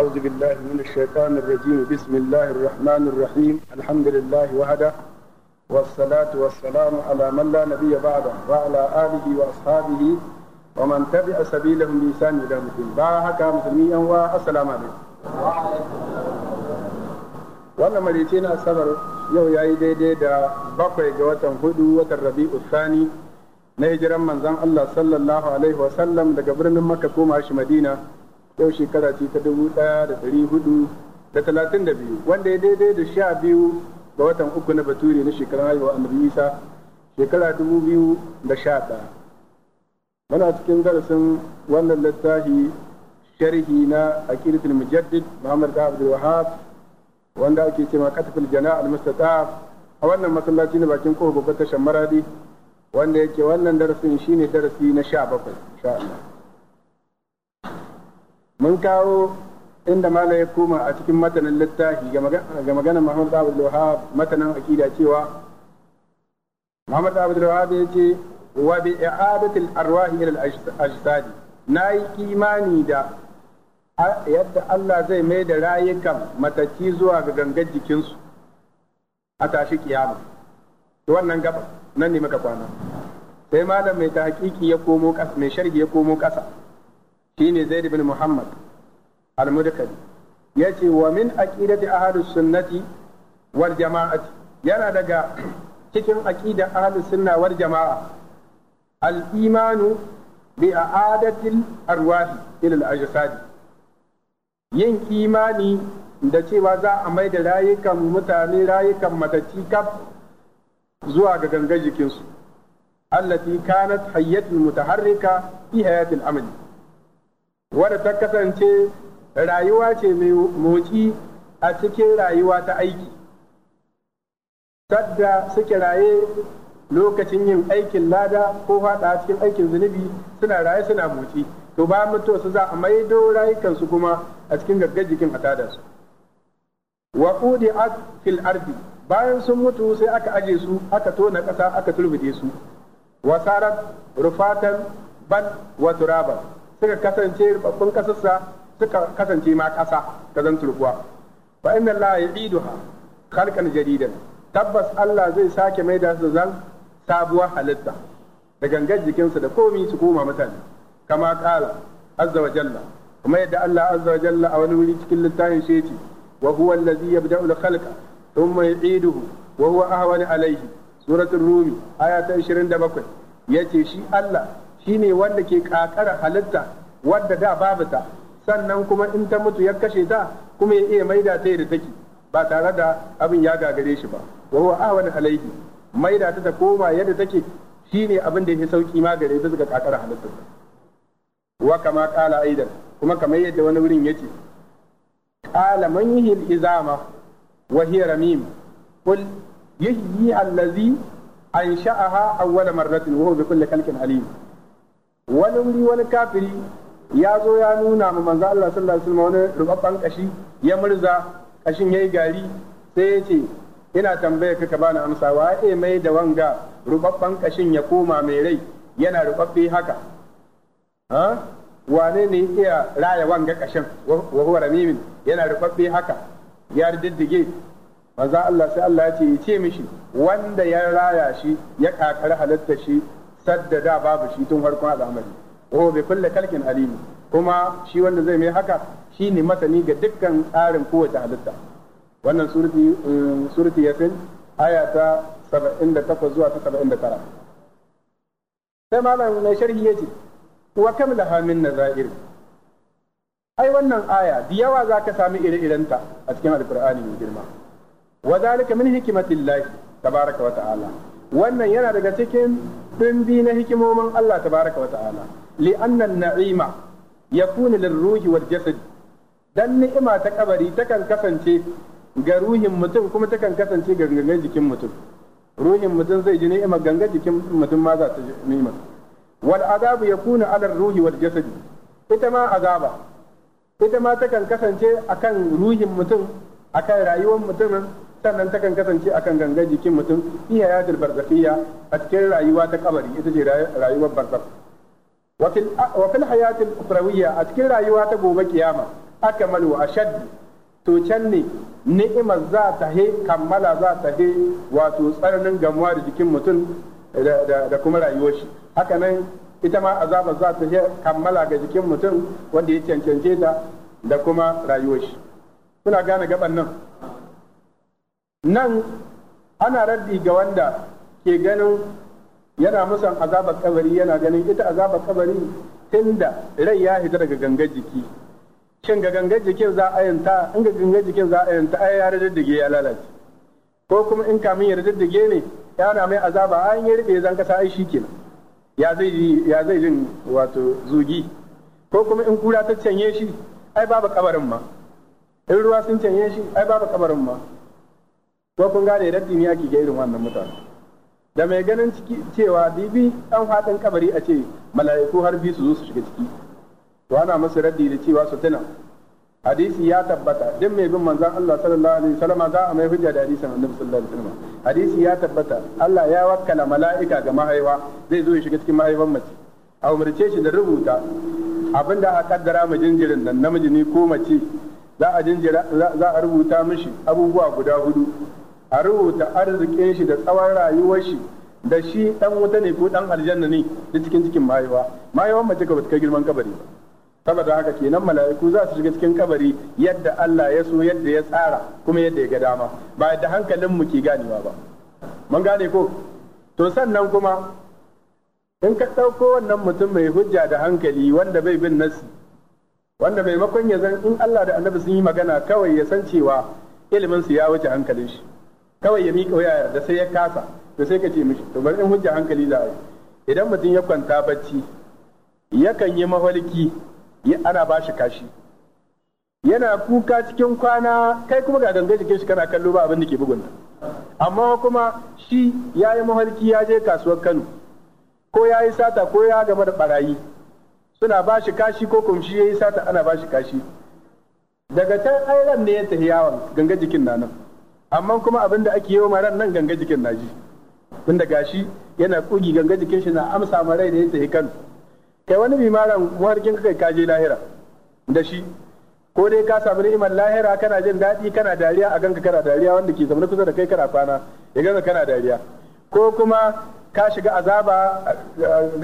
أعوذ بالله من الشيطان الرجيم بسم الله الرحمن الرحيم الحمد لله وحده والصلاة والسلام على من لا نبي بعده وعلى آله وأصحابه ومن تبع سبيلهم بإحسان إلى مسلم باهك مسلميا والسلام عليكم wannan marice na asabar yau ya yi daidai da bakwai ga watan hudu watan rabi'u sani na hijiran manzon Allah sallallahu alaihi wasallam daga birnin makka koma shi madina yau shekara ce ta dubu ɗaya da ɗari hudu da talatin da biyu wanda ya daidai da sha biyu ga watan uku na Bature na shekarar haihuwa annabi isa shekara dubu biyu da sha ɗaya muna cikin darasin wannan littafi sharhi na aqidatul mujaddid muhammad da abdul wahab wanda ake cewa katafil jana al mustataf a wannan masallaci na bakin kofar gobe tashar maradi wanda yake wannan darasin shine darasi na sha bakwai insha Allah mun kawo inda mala ya koma a cikin matanin littafi ga maganar Muhammad Abdul Wahab matanin akida cewa Muhammad Abdul Wahab ya ce wa bi i'adatil arwahi ila al-ajdad nayi imani da yadda Allah zai mai da rayukan matacci zuwa ga gangar jikinsu a tashi kiyama to wannan gaba nan ne muka kwana sai malam mai ta ya komo ƙasa mai sharhi ya komo ƙasa shine Zaid ibn Muhammad al-Mudkari yace wa min aqidati ahlus sunnati wal jama'ati yana daga cikin aqida ahlus sunna wal jama'a al-imanu bi a'adatil arwahi ila al-ajsad yin imani da cewa za a mai da rayukan mutane rayukan matacci kaf zuwa ga gangar jikinsu allati kanat hayyatul mutaharrika fi hayatil amali wadda ta kasance rayuwa ce mai motsi a cikin rayuwa ta aiki sadda suke raye lokacin yin aikin lada ko haɗa cikin aikin zunubi suna raye suna motsi to ba mutu su za a maido rayukansu kuma a cikin gaggar jikin hatadarsu wa udi'at fil ardi bayan sun mutu sai aka aje su aka tona ƙasa aka turbide su wasarar rufatan ban wa turaban suka kasance rubabbun kasarsa suka kasance ma kasa ta zan turkuwa fa inna allaha yu'iduha khalqan jadidan tabbas Allah zai sake mai da su zan sabuwar halitta da gangar jikinsu da komi su koma mutane kama kala azza wa jalla kuma yadda Allah azza wa jalla a wani wuri cikin littafin shi yace wa huwa allazi yabda'u al-khalqa thumma yu'iduhu wa huwa ahwanu alayhi suratul rumi aya ta 27 yace shi Allah Shi ne wanda ke kakar halitta wadda da babu ta sannan kuma in ta mutu ya kashe ta kuma ya iya maida ta da take ba tare da abin ya gagare shi ba wa huwa ahwan alaihi maida ta ta koma yadda take shine abin da ya sauki ma gare ta daga kakar halitta wa kama kala aidan kuma kamar yadda wani wurin yace qala man yihil izama wa hiya ramim qul yahyi allazi ansha'aha awwala marratin wa huwa bi kulli kalkin alim wani wuri wani kafiri ya zo ya nuna ma manzo Allah sallallahu alaihi wasallam wani rubabban kashi ya murza kashin yayi gari sai ya ce ina tambaya ka ka bani amsa wa e mai da wanga rubabban kashin ya koma mai rai yana rubabbe haka ha wane ne iya raya wanga kashin wa huwa ramimin yana rubabbe haka ya diddige manzo Allah sai Allah ya ce ya ce mishi wanda ya raya shi ya kakar halatta shi sadda da babu shi tun farkon al'amari wa bai kulle kalkin alimi kuma shi wanda zai mai haka Shi ne masani ga dukkan tsarin kowace halitta wannan surati eh, surati yasin aya ta 78 zuwa ta 79 sai malam mai sharhi yace wa kam laha min nazair ai wannan aya da yawa zaka sami ire-irenta a cikin alqur'ani mai girma wa zalika min hikmatillahi tabaraka wa ta'ala wannan yana daga cikin dimbi na hikimomin Allah tabaraka wa ta'ala li anna na'ima yakunu lirruhi wal jasad dan ni'ima ta kabari takan kasance ga ruhin mutum kuma takan kasance ga gangan jikin mutum ruhin mutum zai ji ni'ima gangan jikin mutum ma za ta ji ni'ima wal azabu yakunu ala ruhi wal jasad ita ma azaba ita ma takan kasance akan ruhin mutum akan rayuwar mutumin sannan kan kasance akan gangan jikin mutum iya yadul barzafiya a cikin rayuwa ta kabari ita ce rayuwar barzakh wa fil hayatil ukhrawiyya a cikin rayuwa ta gobe kiyama a ashad to can ne ni'imar za ta he kammala za ta he wato tsananin gamuwa da jikin mutum da kuma rayuwar shi haka nan ita ma azabar za ta he kammala ga jikin mutum wanda ya cancance ta da kuma rayuwar shi kuna gane gaban nan nan ana raddi ga wanda ke ganin yana musan azabar kabari yana ganin ita azabar kabari tunda rai ya hita daga gangar jiki shin ga gangar jikin za a yanta in ga gangar jikin za a yanta ai ya raddige ya lalace ko kuma in kamin ya raddige ne yana mai azaba an ya rube zan kasa ai shikenan ya zai ya zai jin wato zugi ko kuma in kura ta canye shi ai babu kabarin ma in ruwa sun canye shi ai babu kabarin ma ko kun gane da ne ake ga irin wannan mutane da mai ganin cewa bibi an faɗin kabari a ce mala'iku har biyu su zo su shiga ciki to ana musu raddi da cewa su tuna hadisi ya tabbata duk mai bin manzon Allah sallallahu alaihi wasallam za a mai hujja da hadisin Annabi sallallahu alaihi wasallam hadisi ya tabbata Allah ya wakkala mala'ika ga mahaifa zai zo ya shiga cikin mahaifan mace a umarce shi da rubuta abinda a kaddara ma jinjirin nan namiji ne ko mace za a jinjira za a rubuta mishi abubuwa guda hudu a rubuta arzikin shi da tsawon rayuwar shi da shi dan wuta ne ko dan aljanna ne da cikin cikin mayewa mayewan mace ka kai girman kabari ba saboda haka kenan mala'iku za su shiga cikin kabari yadda Allah ya so yadda ya tsara kuma yadda ya ga dama ba da hankalin mu ke ganewa ba mun gane ko to sannan kuma in ka ɗauko wannan mutum mai hujja da hankali wanda bai bin nasi wanda maimakon ya zan in Allah da Annabi sun yi magana kawai ya san cewa ilimin su ya wuce hankalin shi kawai ya miƙa waya da sai ya kasa to sai ka ce mishi to bari in hujja hankali za a idan mutum ya kwanta bacci yakan yi mafarki ana ba shi kashi yana kuka cikin kwana kai kuma ga gangan jikin shi kana kallo ba abin da ke bugunta amma kuma shi ya yi mafarki ya je kasuwar kano ko ya yi sata ko ya game da barayi suna ba shi kashi ko shi ya yi sata ana ba shi kashi daga can airan ne ya tafi yawon gangan jikin na nan amma kuma abin da ake yi wa maran nan ganga jikin naji tunda gashi yana kugi ganga jikin shi na amsa ma rai da ya yi kan kai wani bimaran muharkin kai ka je lahira da shi ko dai ka samu ni'imar lahira kana jin daɗi kana dariya a ganka kana dariya wanda ke zaune kusa da kai kana kwana ya ganka kana dariya ko kuma ka shiga azaba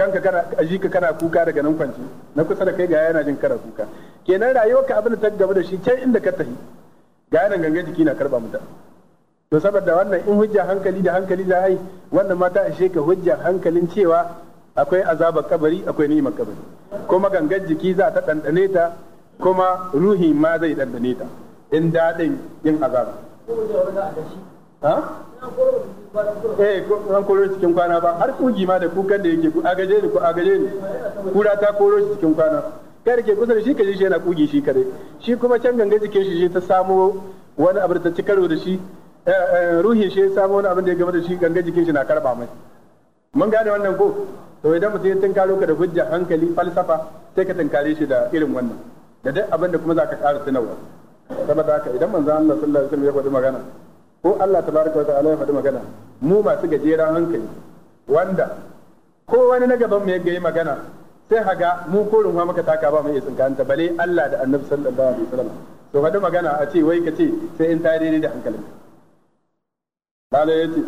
ganka kana ajika kana kuka daga nan kwanci na kusa da kai ga yana jin kana kuka kenan rayuwarka abin da ta gaba da shi can inda ka tafi ga yana ganga jiki na karba mutane to saboda wannan in hujja hankali da hankali za a yi wannan mata a ka hujja hankalin cewa akwai azabar kabari akwai ni'imar kabari kuma gangan jiki za ta ɗanɗane ta kuma ruhi ma zai ɗanɗane ta in daɗin yin azaba eh an koro cikin kwana ba har kugi ma da kukan da yake a gaje ni ko a gaje ni kura ta koro shi cikin kwana kai da ke kusa da shi kaje shi yana kugi shi kare shi kuma can gangan jikin shi ta samo wani abu da ta ci karo da shi Eh, eh, ruhin shi ya samu wani abin da ya gaba da shi ganga jikin shi na karba mai mun gane wannan ko to idan mutum ya tunkaro ka da hujja hankali falsafa sai ka tunkare shi da irin wannan da duk abin da kuma za ka ƙara sanarwa saboda haka idan manzo Allah sallallahu alaihi wasallam ya faɗi magana ko Allah tabaraka wa ta'ala ya faɗi magana mu masu gajeren hankali wanda ko wani na gaban mu ya gayi magana sai haga mu ko ruwa muka taka ba mu iya tsinkanta bale Allah da Annabi sallallahu alaihi wasallam to faɗi magana a ce wai ka ce sai in tare da hankalinka Bala ya ce,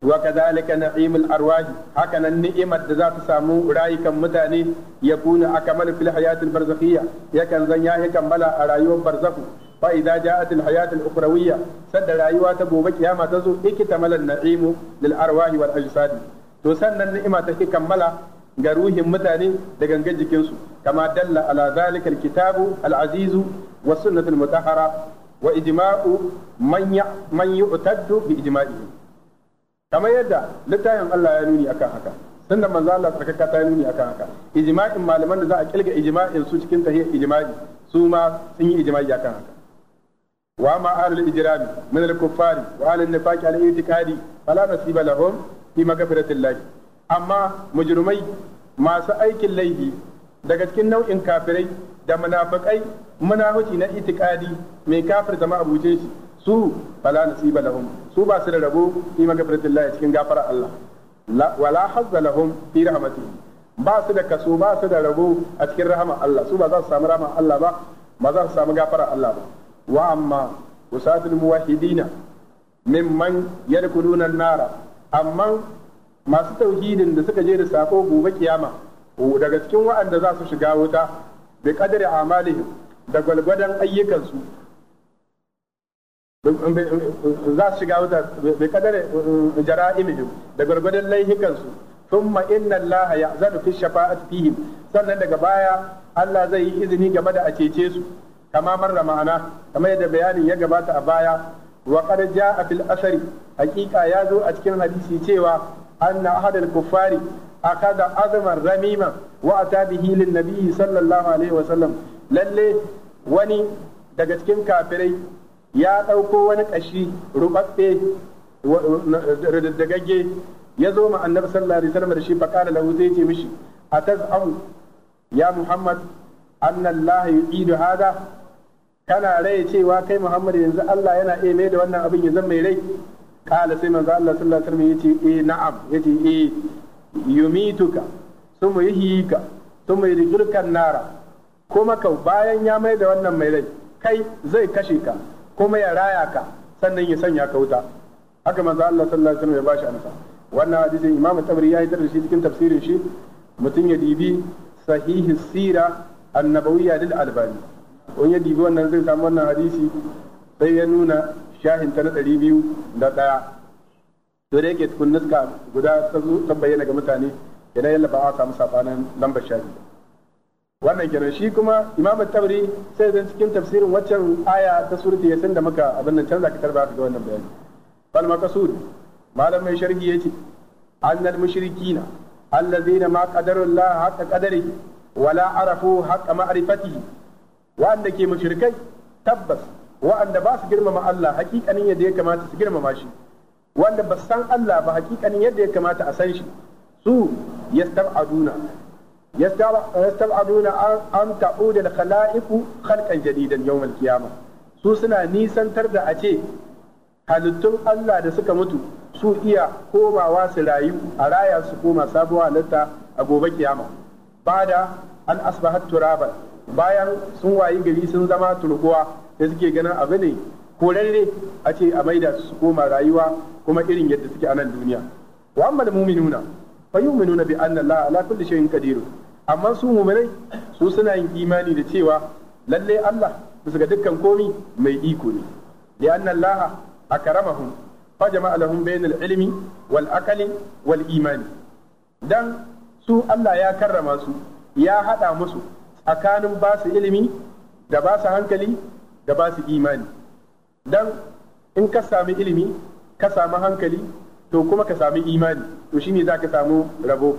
wa kazalika na'imul arwahi haka nan ni'imar da zata samu rayukan mutane ya kuna akamal fil hayatil barzakhiyya yakan zan yahi kammala a rayuwar barzakhu fa idza ja'at al hayat al ukhrawiyya sanda rayuwa ta gobe kiyama ta zo ikitamala na'imu lil arwahi wal ajsadi to sannan ni'ima ta ki kammala ga ruhin mutane da gangan jikinsu kama dalla ala zalikal kitabu al azizu was sunnatul mutahara. wa ijma'u man yu'taddu bi ijma'ihi kamar yadda littafin Allah ya nuni akan haka tunda manzo Allah tsarkaka ta nuni akan haka ijma'in malaman da za a kirga ijma'in su cikin tahiyar ijma'i su ma sun yi ijma'i akan haka wa ma ahlul ijrami min al-kuffari wa ahlun nifaqi al-i'tiqadi fala nasiba lahum fi magfiratillah amma mujrimai masu aikin laifi daga cikin nau'in kafirai da munafiqai munafici na itikadi mai kafir da ma'abuce shi su fala nasiba lahum su ba su da rabo fi magfiratillah cikin gafara Allah wala hazza lahum fi rahmatihi ba su da kaso ba su da rabo a cikin rahama Allah su ba za su samu rahama Allah ba ba za su samu gafara Allah ba wa amma usatul muwahhidina mimman yadkhuluna an-nara amma masu tauhidin da suka je da sako gobe kiyama daga cikin waɗanda za su shiga wuta bi kadari amalihim da gwalgwadon ayyukansu za su shiga wuta bi kadari jara'imihim da gwalgwadon laihikansu thumma inna allaha ya'zanu fi shafa'ati fihim sannan daga baya Allah zai yi izini game da a cece su kama marra ma'ana kamar yadda bayanin ya gabata a baya wa qad ja'a fil asari haqiqa ya zo a cikin hadisi cewa anna ahadul kuffari أخذ أذما Ramima وأتى به للنبي صلى الله عليه وسلم للي وني daga cikin kafirai ya ɗauko wani ƙashi rubabbe radaddagagge ya zo ma annabi sallallahu alaihi da shi faqala lahu zai ce mishi ataz'u ya muhammad anna allah yu'idu hada kana rai cewa kai muhammad yanzu allah yana iya mai da wannan abin ya zama mai rai kala sai manzo allah sallallahu alaihi na'am yumituka suma yuhyika suma yurjiluka nara kuma ka bayan ya mai da wannan mai rai kai zai kashe ka kuma ya raya ka sannan ya sanya ka wuta haka manzo Allah sallallahu alaihi wasallam ya bashi amsa wannan hadisin Imam Tabari ya yi da shi cikin tafsirin shi mutum ya dibi sahihi sira annabawiyya lil albani wani ya dibi wannan zai samu wannan hadisi sai ya nuna shahin ta na ɗari biyu da ɗaya to da yake tukun niska guda ta zo bayyana ga mutane yana yalla ba a samu sabanin lambar sha wannan kenan shi kuma imamu tabri sai zan cikin tafsirin waccan aya ta surti ya san da muka abin nan canza ka tarba ka ga wannan bayani bal maqsud malam mai sharhi yace annal mushrikina allazina ma qadara Allah haqa qadarihi wala arafu haqa ma'rifatihi wanda ke mushrikai tabbas wa'anda ba su girmama Allah hakikanin yadda ya kamata su girmama shi wanda ba san Allah ba hakikanin yadda ya kamata a san shi su yastab'aduna aduna an ta'uda da khalaiqu khalqan jadidan yawmal qiyama su suna nisantar da a ce halittun Allah da suka mutu su iya komawa su rayu a raya su koma sabuwa lata a gobe kiyama bada an asbahat turaban bayan sun wayi gari sun zama turkuwa da suke ganin abu ne korarre a ce a maida su koma rayuwa kuma irin yadda suke a nan duniya wa amma da mu'minuna fa yu'minuna bi anna Allah ala kulli shay'in qadir amma su mu'minai su suna yin imani da cewa lalle Allah bisa ga dukkan komi mai iko ne li anna Allah akramahum fa jama'a lahum bainal ilmi wal aqli wal imani dan su Allah ya karrama su ya hada musu tsakanin ba su ilimi da ba su hankali da ba su imani dan in ka sami ilimi ka sami hankali to kuma ka sami imani to ne za ka samu rabo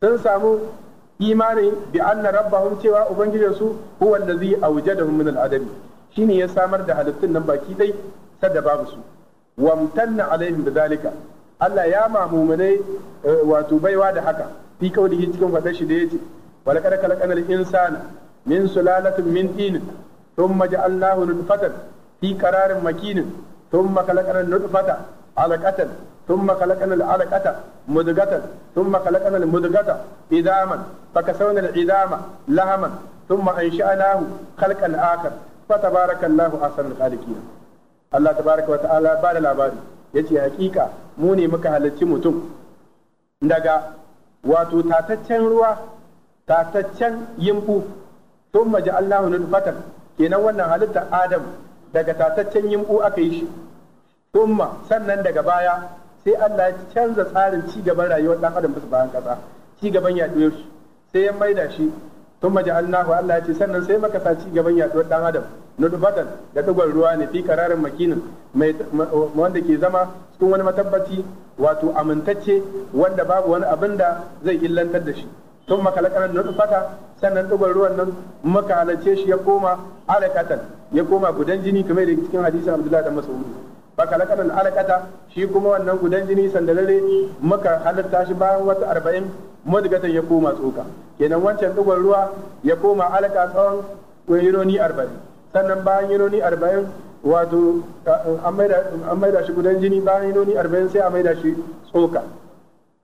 sun samu imani bi anna rabbahum cewa ubangijinsu huwa allazi awjadahum min al Shi shine ya samar da halittun nan baki dai sadda babu su wamtanna alaihim zalika. Allah ya mamumunai eh, wato baiwa da haka fi kaulihi cikin fadar shi da yace wala kada kalakanal insana min sulalatin min tin thumma ja'alnahu nutfatan fi qararin makinin thumma khalaqana an-nutfata alaqatan thumma khalaqana al-alaqata mudghatan thumma khalaqana al-mudghata idaman fakasawna al-idama lahaman thumma ansha'nahu khalqan akhar fatabarakallahu ahsanul khaliqin Allah wa ta'ala ba da labari yace hakika mu ne muka halarci mutum daga wato tataccen ruwa tataccen yimfu sun maji Allahu nutfatan kenan wannan halittar Adam daga tataccen yimbu aka yi shi umma sannan daga baya sai Allah ya canza tsarin ci gaban rayuwar dan adam bisa bayan kasa ci gaban yaduwar shi sai ya maida shi tun maja'alnahu Allah ya ce sannan sai maka sa ci gaban yaduwar dan adam Nudubatan da dugon ruwa ne fi kararin makinin wanda ke zama cikin wani matabbaci wato amintacce wanda babu wani abin da zai illantar da shi sun makalakarar fata sannan dubar ruwan nan muka halarce shi ya koma alakatan ya koma gudan jini kamar da cikin hadisin abdullahi da mas'ud makalakarar alakata shi kuma wannan gudan jini sandalare muka halarta shi bayan wata arba'in mudgata ya koma tsoka kenan wancan dubar ruwa ya koma alaka tsawon yironi arba'in sannan bayan yironi arba'in wato eh, an maida shi gudan jini bayan yironi arba'in sai a maida shi tsoka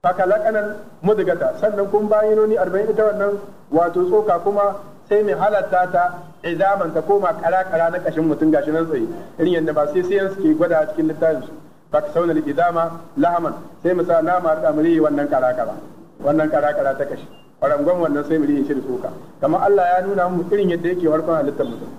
haka lakanan mudgata sannan kun bayinoni arba'in ita wannan wato tsoka kuma sai mai halatta ta izaman ta koma kara-kara na kashin mutum gashi nan tsaye irin yadda ba sai sayan suke gwada cikin littafin su ba ka saunar izama lahaman sai mu sa nama da muri wannan kara-kara wannan kara-kara ta kashi farangon wannan sai mu yi shi da tsoka kamar Allah ya nuna mu irin yadda yake warkon halittar mutum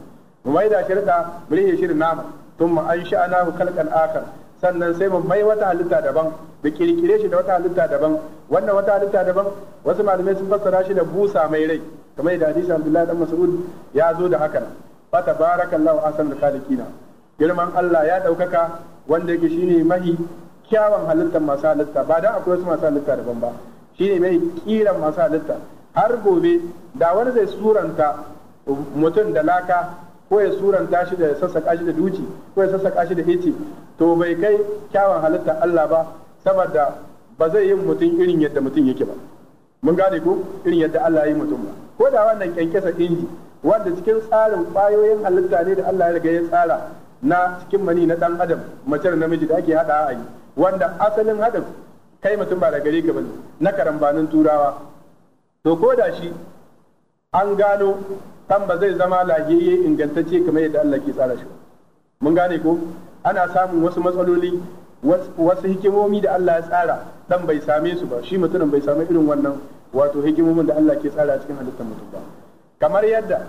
mu maida shirka mu yi shi da nama tun mu an sha'anahu kalkan akar sannan sai mu mai wata halitta daban mu kirkire shi da wata halitta daban wannan wata halitta daban wasu malamai sun fassara shi da busa mai rai kamar da hadisi Abdullahi dan Mas'ud ya zo da hakan fa tabarakallahu ahsanul khaliqina girman Allah ya daukaka wanda yake shine mahi kyawun halittar masu halitta ba da akwai wasu masu halitta daban ba shine mai kiran masu halitta har gobe da wani zai suranta mutum da laka ko ya suranta shi da sassaƙa shi da duci ko ya sassaƙa shi da hici to bai kai kyawun halittar Allah ba saboda ba zai yi mutum irin yadda mutum yake ba mun gane ko irin yadda Allah ya yi mutum ba ko da wannan kyankyasa inji wanda cikin tsarin ƙwayoyin halitta ne da Allah ya riga ya tsara na cikin mani na dan adam mace da namiji da ake hada a yi wanda asalin haɗin kai mutum ba da gare ka bane na karambanin turawa to ko da shi an gano kan ba zai zama lagiyayye ingantacce kamar yadda Allah ke tsara shi mun gane ko ana samun wasu matsaloli wasu hikimomi da Allah ya tsara dan bai same su ba shi mutumin bai same irin wannan wato hikimomin da Allah ke tsara cikin halittar mutum ba kamar yadda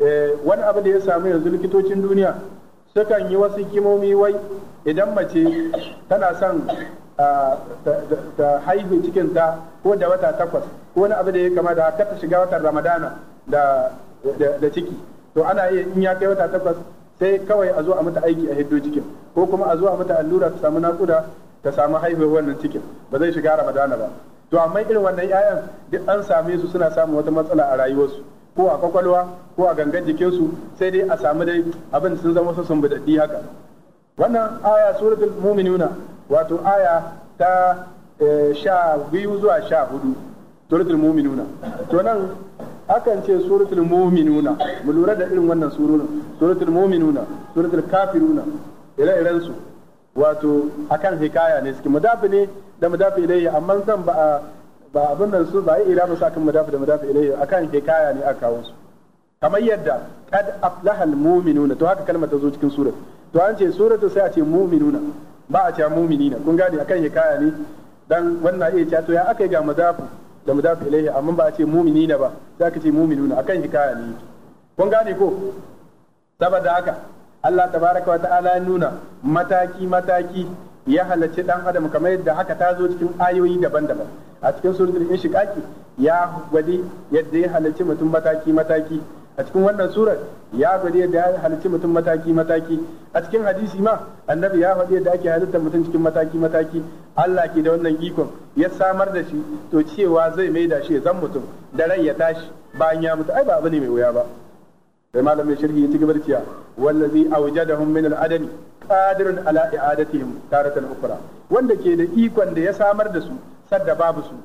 eh, wani abu da ya samu yanzu likitocin duniya sukan yi wasu hikimomi wai idan mace tana son ah, ta haihu cikinta ko da wata takwas ko wani abu da ya kama da ta shiga watan ramadana da da ciki to ana iya in ya kai wata takwas sai kawai a zo a mata aiki a hiddo cikin ko kuma a zo a mata allura ta samu nakuda ta samu haihuwar wannan cikin ba zai shiga ramadana ba to amma irin wannan 'ya'yan duk an same su suna samun wata matsala a rayuwarsu ko a kwakwalwa ko a gangan jikinsu sai dai a samu dai abin sun zama su sumbudaddi haka wannan aya suratul mu'minuna wato aya ta eh, sha biyu zuwa sha hudu suratul mu'minuna to nan akan ce suratul mu'minuna mu lura da irin wannan surorin suratul mu'minuna suratul kafiruna ire-iren su wato akan hikaya ne suke mudafi ne da mudafi ilayhi amma san ba a ba abin nan su ba ira ba akan mudafi da mudafi ilayhi akan hikaya ne aka kawo su kamar yadda qad al mu'minuna to haka kalmar ta zo cikin surar to an ce suratul sai a ce mu'minuna ba a ce mu'minina kun gane akan hikaya ne dan wannan iya cewa to ya aka yi ga mudafi da mu dafi ilaihi amma ba a ce mu'minina ba za ka ce mu'minuna akan hikaya ne kun gane ko saboda haka Allah tabaraka wa ta'ala nuna mataki mataki ya halarci dan adam kamar yadda haka ta zo cikin ayoyi daban-daban a cikin suratul inshiqaqi ya gwadi yadda ya halarci mutum mataki mataki a cikin wannan surar ya faɗi yadda ya halicci mutum mataki mataki a cikin hadisi ma annabi ya faɗi yadda ake halitta mutum cikin mataki mataki Allah ke da wannan ikon ya samar da shi to cewa zai mai da shi zan mutum da rai ya tashi bayan ya mutu ai ba abu ne mai wuya ba sai malam mai shirki ya ci gaba da cewa wallazi awjadahum min al-adami qadirun ala i'adatihim taratan ukhra wanda ke da ikon da ya samar da su sadda babu su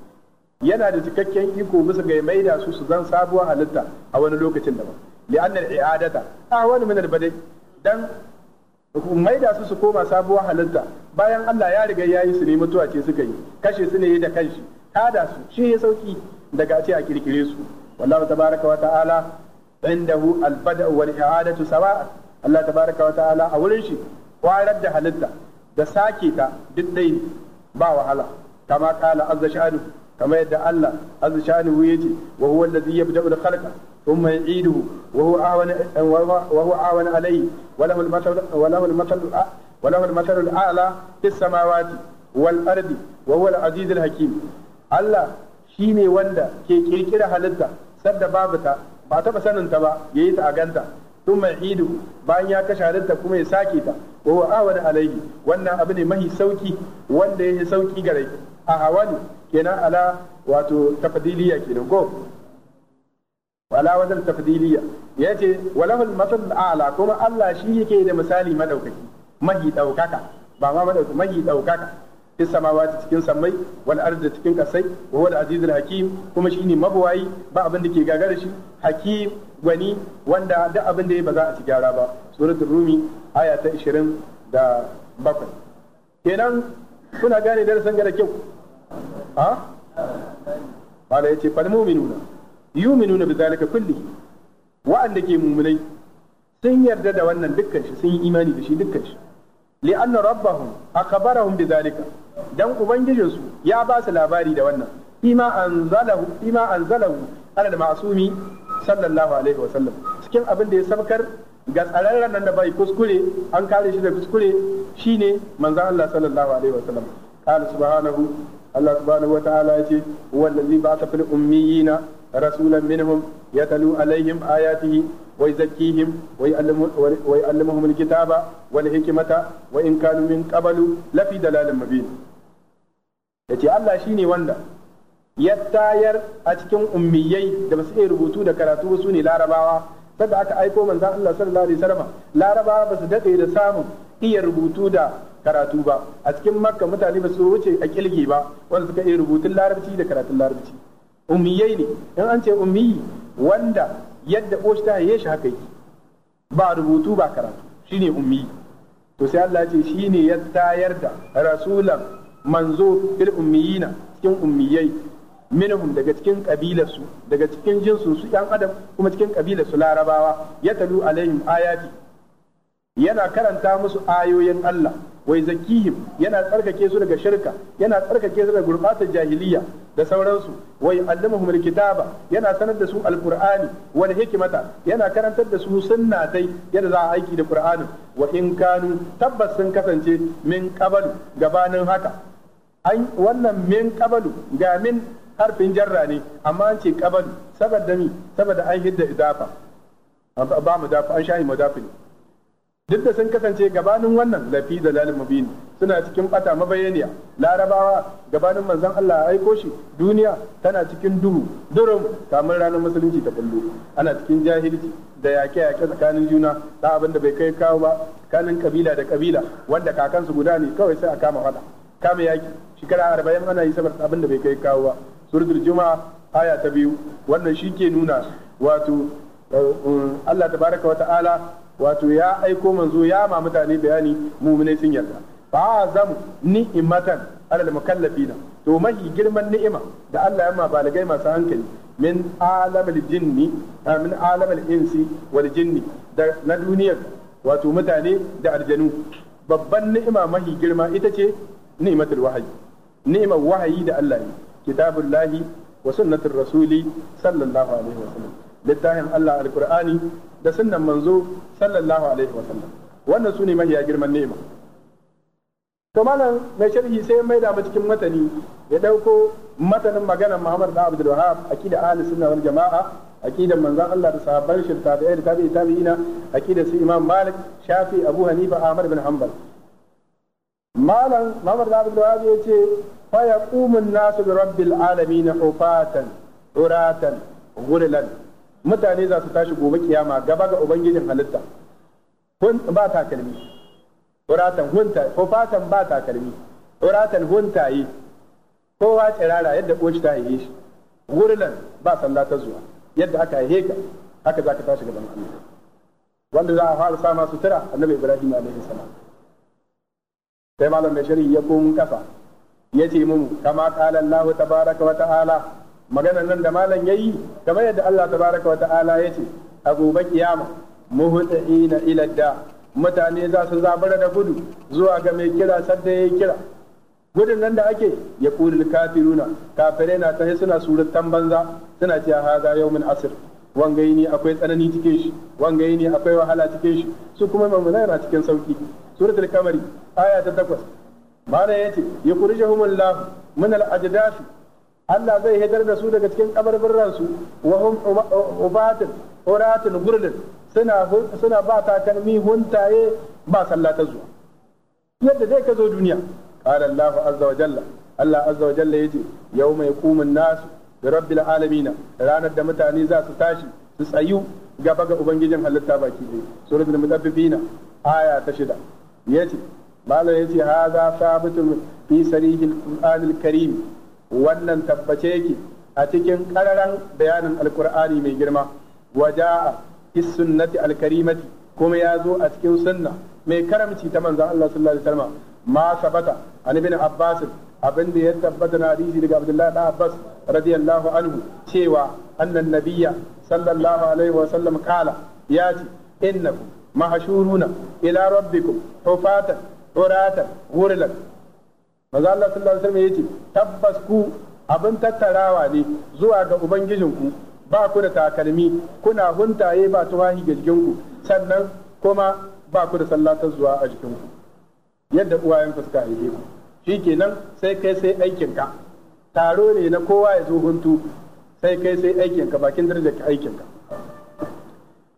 yana da cikakken iko musu ga da su su zan sabuwar halitta a wani lokacin da daban li'annal i'adata a wani min al-badai dan maida su su koma sabuwar halitta bayan Allah ya riga ya yi su ne mutuwa ce suka yi kashe su ne da kanshi kada su shi ya sauki daga ce a kirkire su wallahu tabaraka wa ta'ala indahu al-bada'u wal i'adatu sawa'a Allah tabaraka wa ta'ala a wurin shi kwarar da halitta da sake ta duk ɗaya ba wahala kama kala azza sha'anu kamar yadda Allah azza shanu yace wa huwa allazi yabda'u al-khalqa thumma yu'iduhu wa huwa awana wa huwa awana alayhi wa lahu al-matalu wa lahu al-matalu wa lahu al wa huwa al-aziz al-hakim Allah shine wanda ke kirkira halitta sadda babu ta ba taba sanin ta ba yayi ta a ganta sun mai idu bayan ya kashe halitta kuma ya sake ta wa wannan abu ne mahi sauki wanda ya sauki gare ahawani kenan ala wato tafdiliya kenan ko wala wajen tafdiliya ya ce walahul masal ala kuma Allah shi yake da misali madaukaki mahi daukaka ba ma madaukaki mahi daukaka fi samawati cikin sammai wal ardi cikin kasai wa huwa azizul hakim kuma shine mabuwayi ba abin da ke gagara shi hakim gwani wanda duk abin da ya ba za a ci gyara ba suratul rumi aya ta 27 kenan kuna gane darasin ga kyau ha bala yace fal mu'minuna yu'minuna bi zalika kullihi wa'anda ke mu'minai sun yarda da wannan dukkan shi sun yi imani da shi dukkan shi li anna rabbahum akhbarahum bi zalika dan ubangijinsu ya ba su labari da wannan ima anzalahu ima anzalahu ala al-ma'sumi sallallahu alaihi wa sallam cikin abin da ya sabkar ga tsararren nan da bai kuskure an kare shi da kuskure shine manzon Allah sallallahu alaihi wa sallam قال سبحانه الله سبحانه وتعالى يتي هو الذي بعث في الأميين رسولا منهم يتلو عليهم آياته ويزكيهم ويعلمهم الكتاب والحكمة وإن كانوا من قبل لفي دلال مبين يتي الله شيني وندا ya tayar a cikin ummiyai da basu iya rubutu da karatu su ne larabawa sadda aka aiko manzan Allah sallallahu alaihi wasallam larabawa basu dade da samun iya rubutu da karatu ba a cikin makka mutane ba su wuce a kilge ba wanda suka iya rubutun larabci da karatun larabci ummiyai ne in an ce ummiyi wanda yadda oshi ta haye shi haka yi ba rubutu ba karatu shine ummiyi to sai Allah ce shi ne ya tayar da rasulan manzo bil ummiyina cikin ummiyai minhum daga cikin kabilarsu daga cikin jinsu su yan adam kuma cikin kabilarsu larabawa ya talu alaihim ayati yana karanta musu ayoyin Allah wai zakihim yana tsarkake su daga shirka yana tsarkake su daga gurbatar jahiliya da sauransu wai allamahum alkitaba yana sanar da su alqur'ani wal hikmata yana karantar da su sunna dai yadda za a aiki da qur'anin wa in kanu tabbas sun kasance min qabalu gabanin haka an wannan min qabalu ga min harfin jarra ne amma an ce qabalu saboda mi saboda an hidda idafa ba mu dafa an shahi mu dafa ne duk da sun kasance gabanin wannan lafi dalalin mubin suna cikin bata mabayaniya larabawa gabanin manzon Allah aiko shi duniya tana cikin duhu durum kamar ranar musulunci ta kullu ana cikin jahilci da yake yake tsakanin juna ta abin da bai kai kawo ba tsakanin kabila da kabila wanda kakansu guda ne kawai sai a kama fada kama yaki shekara arba'in ana yi saboda abin da bai kai kawo ba suratul juma'a aya ta biyu wannan shi ke nuna wato eh, um, Allah ta baraka wa ta'ala wato ya aiko manzo ya ma mutane bayani mu'minai sun yarda fa azam ni'matan alal mukallafina to mahi girman ni'ima da Allah ya ma balagai masu hankali min alamil jinni ah, min alamil insi wal jinni na duniyar wato mutane da aljanu babban ni'ima mahi girma ita ce ni'imatul wahayi ni'imar wahayi da Allah ne kitabullahi wa sunnatur rasuli sallallahu alaihi wasallam littafin Allah alqur'ani da sunnan manzo sallallahu alaihi wa sallam wannan su ne mahiya girman ni'ima to malam mai sharhi sai mai da cikin matani ya dauko matanin maganar Muhammad da Abdul Wahhab akida ahli sunna wal jamaa akidan manzon Allah da sahabban shi tabi'i da tabi'i tabi'ina akidan su Imam Malik Shafi Abu Hanifa Ahmad bin Hanbal malam Muhammad da Abdul Wahhab yace fa yaqumun nasu bi rabbil alamin hufatan uratan ghulalan mutane za su tashi gobe kiyama gaba ga ubangijin halitta ba takalmi uratan hunta ko fatan ba takalmi uratan huntaye kowa tsirara yadda koci ta haife shi ba sanda ta zuwa yadda aka haihe ka haka za ka tashi gaban Allah wanda za a fara sama sutura annabi Ibrahim alaihi salam sai malam mai ya kun kafa. ya ce mun kama kala Allah tabaraka wa ta'ala maganar nan da malam ya yi kamar yadda Allah tabaraka ta'ala ya ce a gobe kiyama muhta'ina ila da mutane za su zabara da gudu zuwa ga mai kira sadda yayi kira gudun nan da ake ya kulil kafiruna Kafire na ta suna suratan banza suna cewa haza yawmin asir wangayi ne akwai tsanani cikin shi wangayi ne akwai wahala cikin shi su kuma mamuna na cikin sauki suratul kamari aya ta takwas mana yace yukhrijuhumullahu min al-ajdathi Allah zai hidar da su daga cikin kabarbiran su wa hum ubatin uratin gurdin suna suna ba takalmi huntaye ba sallah ta zuwa yadda zai ka zo duniya qala Allah azza wa jalla Allah azza wa jalla yace yawma yaqumun nas bi rabbil alamin ranar da mutane za su tashi su tsayu gaba ga ubangijin halitta baki ɗaya suratul mutaffifina aya ta shida yace malam yace hadha sabitun fi sarihil qur'anil karim wannan tabbace yake a cikin kararan bayanin alkur'ani mai girma waja'a a sunnati alkarimati kuma ya zo a cikin sunna mai karamci ta manzan Allah sallallahu alaihi wasallam ma sabata an ibn abbas abin da ya tabbata na hadisi daga abdullahi da abbas radiyallahu anhu cewa annan nabiyya sallallahu alaihi wasallam kala ya ce innakum mahshuruna ila rabbikum hufatan uratan ghurlan manzo Allah sallallahu alaihi wasallam yace tabbas ku abin tattarawa ne zuwa ga ubangijinku ba ku da takalmi kuna huntaye ba tuwahi ga jikinku sannan kuma ba ku da sallatar zuwa a jikinku yadda uwayen fuska yake ku shikenan sai kai sai aikinka taro ne na kowa ya zo huntu sai kai sai aikinka bakin darajar aikinka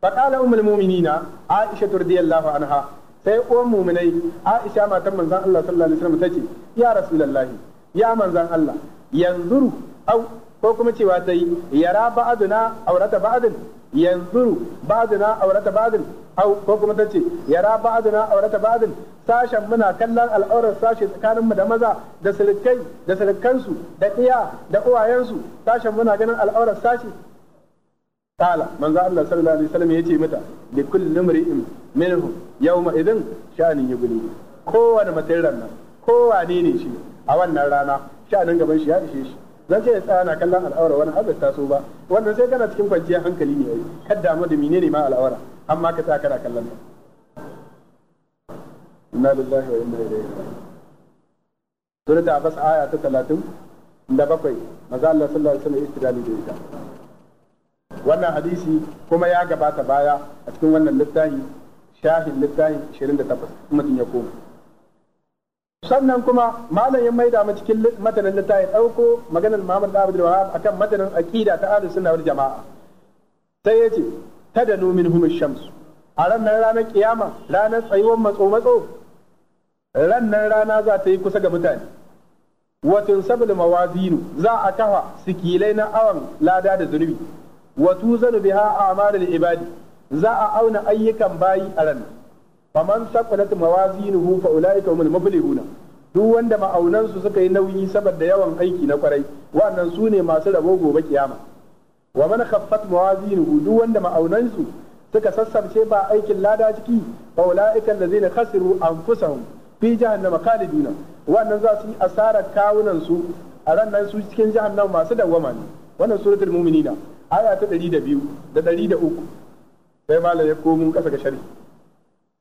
faƙala umul mu'minina aisha radiyallahu anha sai uwan mu'minai aisha matan manzon Allah sallallahu alaihi wasallam tace ya rasulullahi ya manzan Allah yanzu au ko kuma cewa ta yi yara ba'aduna aurata ba'adin yanzu ba'aduna aurata ba'adin au ko kuma ta ce yara ba'aduna aurata ba'adin sashen muna kallon al'aurar sashe tsakanin mu da maza da sulukai da sulukansu da iya da uwayensu sashen muna ganin al'aurar sashi قال من ذا الله صلى الله عليه وسلم يتي متى لكل امرئ منهم يومئذ شان يغني kowane mutum nan wane ne shi a wannan rana sha'anin gaban shi ya ishe shi zan ce ya tsaya na kallon al'aura wani ta taso ba wannan sai kana cikin kwanciyar hankali ne yayi kar damu da menene ma al'aura amma ka tsaya kana kallon ta inna lillahi wa inna ilaihi raji'un ta abas aya ta 30 da bakwai maza Allah sallallahu alaihi wasallam istidali da ita wannan hadisi kuma ya gabata baya a cikin wannan littafi shahin littafin 28 mutum ya koma sannan kuma malam ya maida mu cikin matanin da ta yi dauko maganar Muhammad Abdul Wahab akan matanin aqida ta Ahlus Sunna wal Jama'a sai ya ce tadanu minhum ash-shams a ranar ranar kiyama ranar tsayuwar matso matso ranar rana za ta yi kusa ga mutane watun sabul mawazinu za a kafa sikilai na awan lada da zunubi watu zanu biha a'malul ibadi za a auna ayyukan bayi a ranar faman shaqqalat mawazinuhu fa ulaika humul muflihuna duk wanda su suka yi nauyi saboda yawan aiki na kwarai wannan su ne masu rabo gobe kiyama wa man khaffat mawazinuhu duk wanda su suka sassarce ba aikin lada ciki fa ulaika allazina khasiru anfusahum fi jahannama khaliduna wannan za su yi asarar kawunan su a ran nan su cikin jahannama masu dawwama ne wannan suratul mu'minina aya ta 102 da 103 sai malam ya komo kasa ga sharhi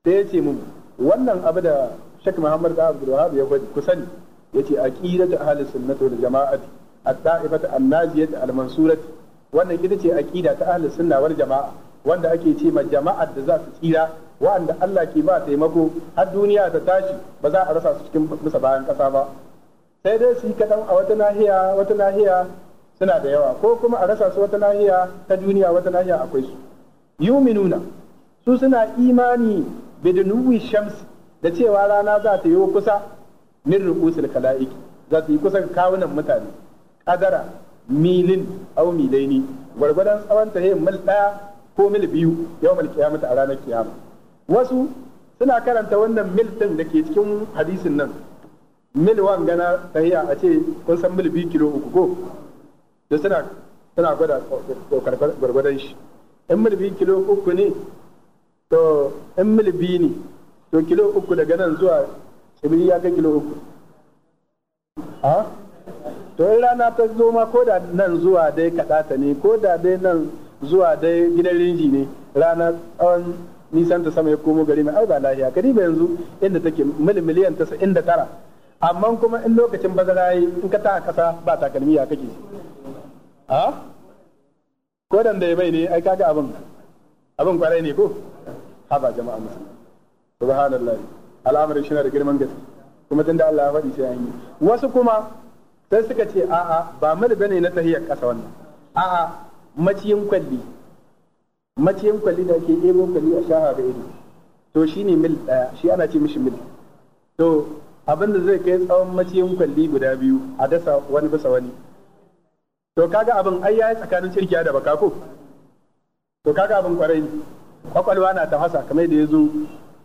sai ya ce mun wannan abu da shek Muhammad da abu da ya faɗi ku sani ta aqidatu ahli sunnati wal jama'ati at-ta'ifatu an-najiyatu al-mansurati wannan ita ce a ƙira ta ahli sunna wal jama'a wanda ake ce ma jama'ar da za su tsira wa'anda Allah ke ba taimako har duniya ta tashi ba za a rasa su cikin bisa bayan ƙasa ba sai dai su yi kaɗan a wata nahiya wata nahiya suna da yawa ko kuma a rasa su wata nahiya ta duniya wata nahiya akwai su yuminuna su suna imani bidunuwi shams da cewa rana za ta yi kusa min ru'usul kalaiki za ta yi kusa kawunan mutane kadara milin au milaini gwargwadon tsawon ta mil ɗaya ko mil biyu mil kiyamata a ranar kiyama wasu suna karanta wannan mil ɗin da ke cikin hadisin nan mil wan gana tahiya a ce kun san mil biyu kilo uku ko da suna suna gwada gwargwadon shi in mil biyu kilo uku ne to in mil biyu ne to kilo uku daga nan zuwa tsibiri ya ga kilo uku a to in rana ta zo ma ko da nan zuwa dai kaɗata ne ko da dai nan zuwa dai gidan rinji ne rana tsawon nisan ta sama ya komo gari mai auga lahiya gari ba yanzu inda take mil miliyan sa'in da tara amma kuma in lokacin bazara yi in ka ta kasa ba takalmi ya kake a ko da ya bai ne ai kaga abin abin kwarai ne ko haba jama'a musulmi subhanallahi al'amari shi na da girman gaske kuma tunda Allah ya faɗi sai an yi wasu kuma sai suka ce a'a ba mali bane na tahiyar ƙasa wannan a'a maciyin kwalli maciyin kwalli da ke ebo kwalli a shaha da ido to shine mil ɗaya shi ana ce mishi mil to abin da zai kai tsawon maciyin kwalli guda biyu a dasa wani bisa wani to kaga abin ai yayi tsakanin cirkiya da baka ko to kaga abin kwarai ne kwakwalwa na tafasa kamar da ya zo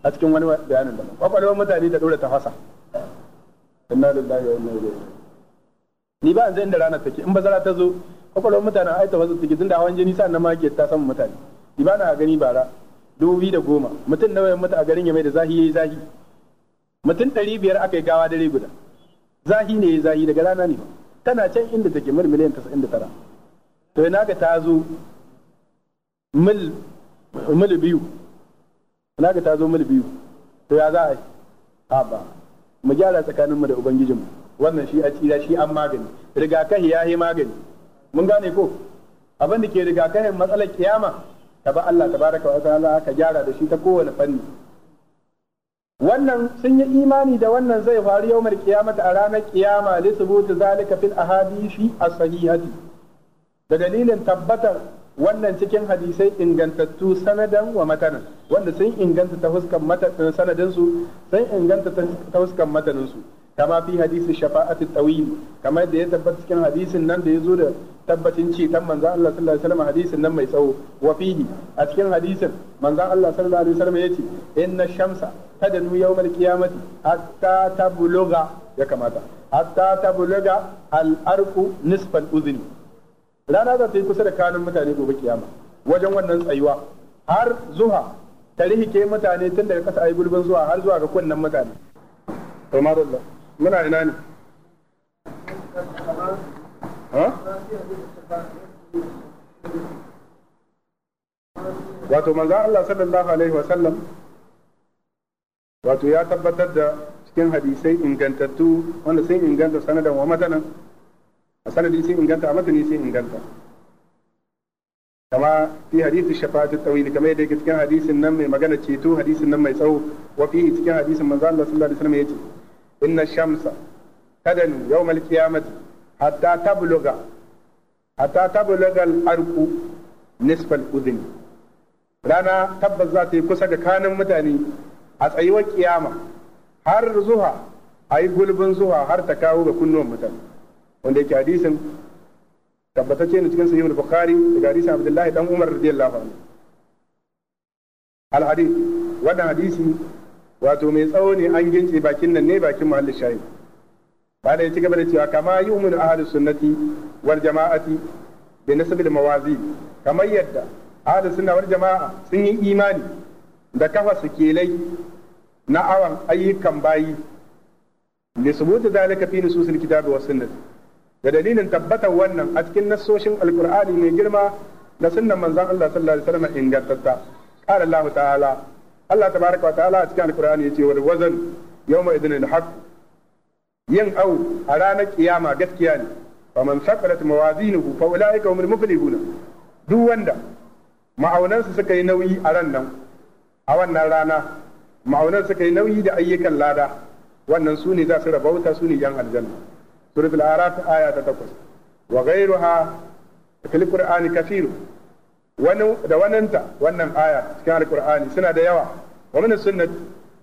a cikin wani bayanin mu kwakwalwar mutane ta dora tafasa inna lillahi wa inna ilaihi ni ba an zai inda ranar take in bazara ta zo kwakwalwar mutane ai tafasa take tunda hawan jini sa na ma ke ta samu mutane ni ba na gani bara dubu biyu da goma mutum nawa ya mutu a garin ya mai da zahi yayi zahi mutum ɗari biyar aka yi gawa dare guda zahi ne yayi zahi daga rana ne tana can inda take mil miliyan tasa'in da tara to ina ga ta zo mil mili biyu na ga ta zo mil biyu to ya za a yi haɓa mu gyara tsakaninmu da ubangijinmu wannan shi a tsira shi an magani Rigakahi ya yi magani mun gane ko abin da ke rigakahin matsalar kiyama Ta ba Allah ta baraka wa ta'ala ka gyara da shi ta kowane fanni wannan sun yi imani da wannan zai faru yawmar kiyamata a ranar kiyama lisubutu zalika fil ahadisi as-sahihati da dalilin tabbatar wannan cikin hadisai ingantattu sanadan wa matanan wanda sun inganta ta huskan eh, sanadin su sun inganta ta huskan matanin su kama fi hadisi shafa'atu tawil kama da ya tabbata cikin hadisin nan da ya zo da tabbacin ci tan manzo Allah sallallahu alaihi wasallam hadisin nan mai tsawo wa fihi a cikin hadisin manzo Allah sallallahu alaihi wasallam yace inna shamsa tadnu yawmal qiyamati hatta tabluga ya kamata hatta tabluga al-arqu nisfal udhni rana za ta yi kusa da kanun mutane gobe kiyama wajen wannan tsayuwa har zuha ta rihike mutane tun daga kasa ayi gulbin zuwa har zuwa ga kunnan mutane kamarullah muna ina ne wato manzo Allah sallallahu alaihi wasallam wato ya tabbatar da cikin hadisai ingantattu wanda sun inganta sanadan wa matanan a sanadi sai inganta a matani sai inganta kama fi hadisi shafa'atu tawili kamar yadda yake cikin hadisin nan mai magana ceto hadisin nan mai tsawo wa fi cikin hadisin manzo Allah sallallahu alaihi wasallam yace inna shamsa tadanu yawm al-qiyamati hatta tabluga hatta tabluga al-arqu nisfal udhni rana tabbas za ta yi kusa ga kanin mutane a tsayuwar kiyama har zuha a yi gulbin zuha har ta kawo ga kunnuwan mutane wanda yake hadisin tabbatacce ne cikin sahihul bukhari daga hadisin abdullahi dan umar radiyallahu anhu al hadith wannan hadisi wato mai tsawo ne an gince bakin nan ne bakin mahallin shayi bada ya ci gaba da cewa kama yu'minu ahlus sunnati wal jama'ati bi nasbil mawazi kamar yadda ahlus sunna wal jama'a sun yi imani da kafa sukelai na awan ayyukan bayi li subuti zalika fi nususil kitabi was sunnati da dalilin tabbatar wannan a cikin nassoshin alkur'ani mai girma da sunnan manzon Allah sallallahu alaihi wasallam ingantatta qala Allah ta'ala Allah tabaraka wa ta'ala a cikin alkur'ani yace wal wazan yawma idinil haqq yin au a ranar kiyama gaskiya ne faman saqalat mawazinuhu fa ulaika humul muflihuna duk wanda ma'aunansu suka yi nauyi a ran nan a wannan rana ma'aunan suka yi nauyi da ayyukan lada wannan su ne za su rabauta su ne yan aljanna suratul araf aya ta takwas wa ghayruha fil qur'ani kathir wani da waninta wannan aya cikin alqur'ani suna da yawa wa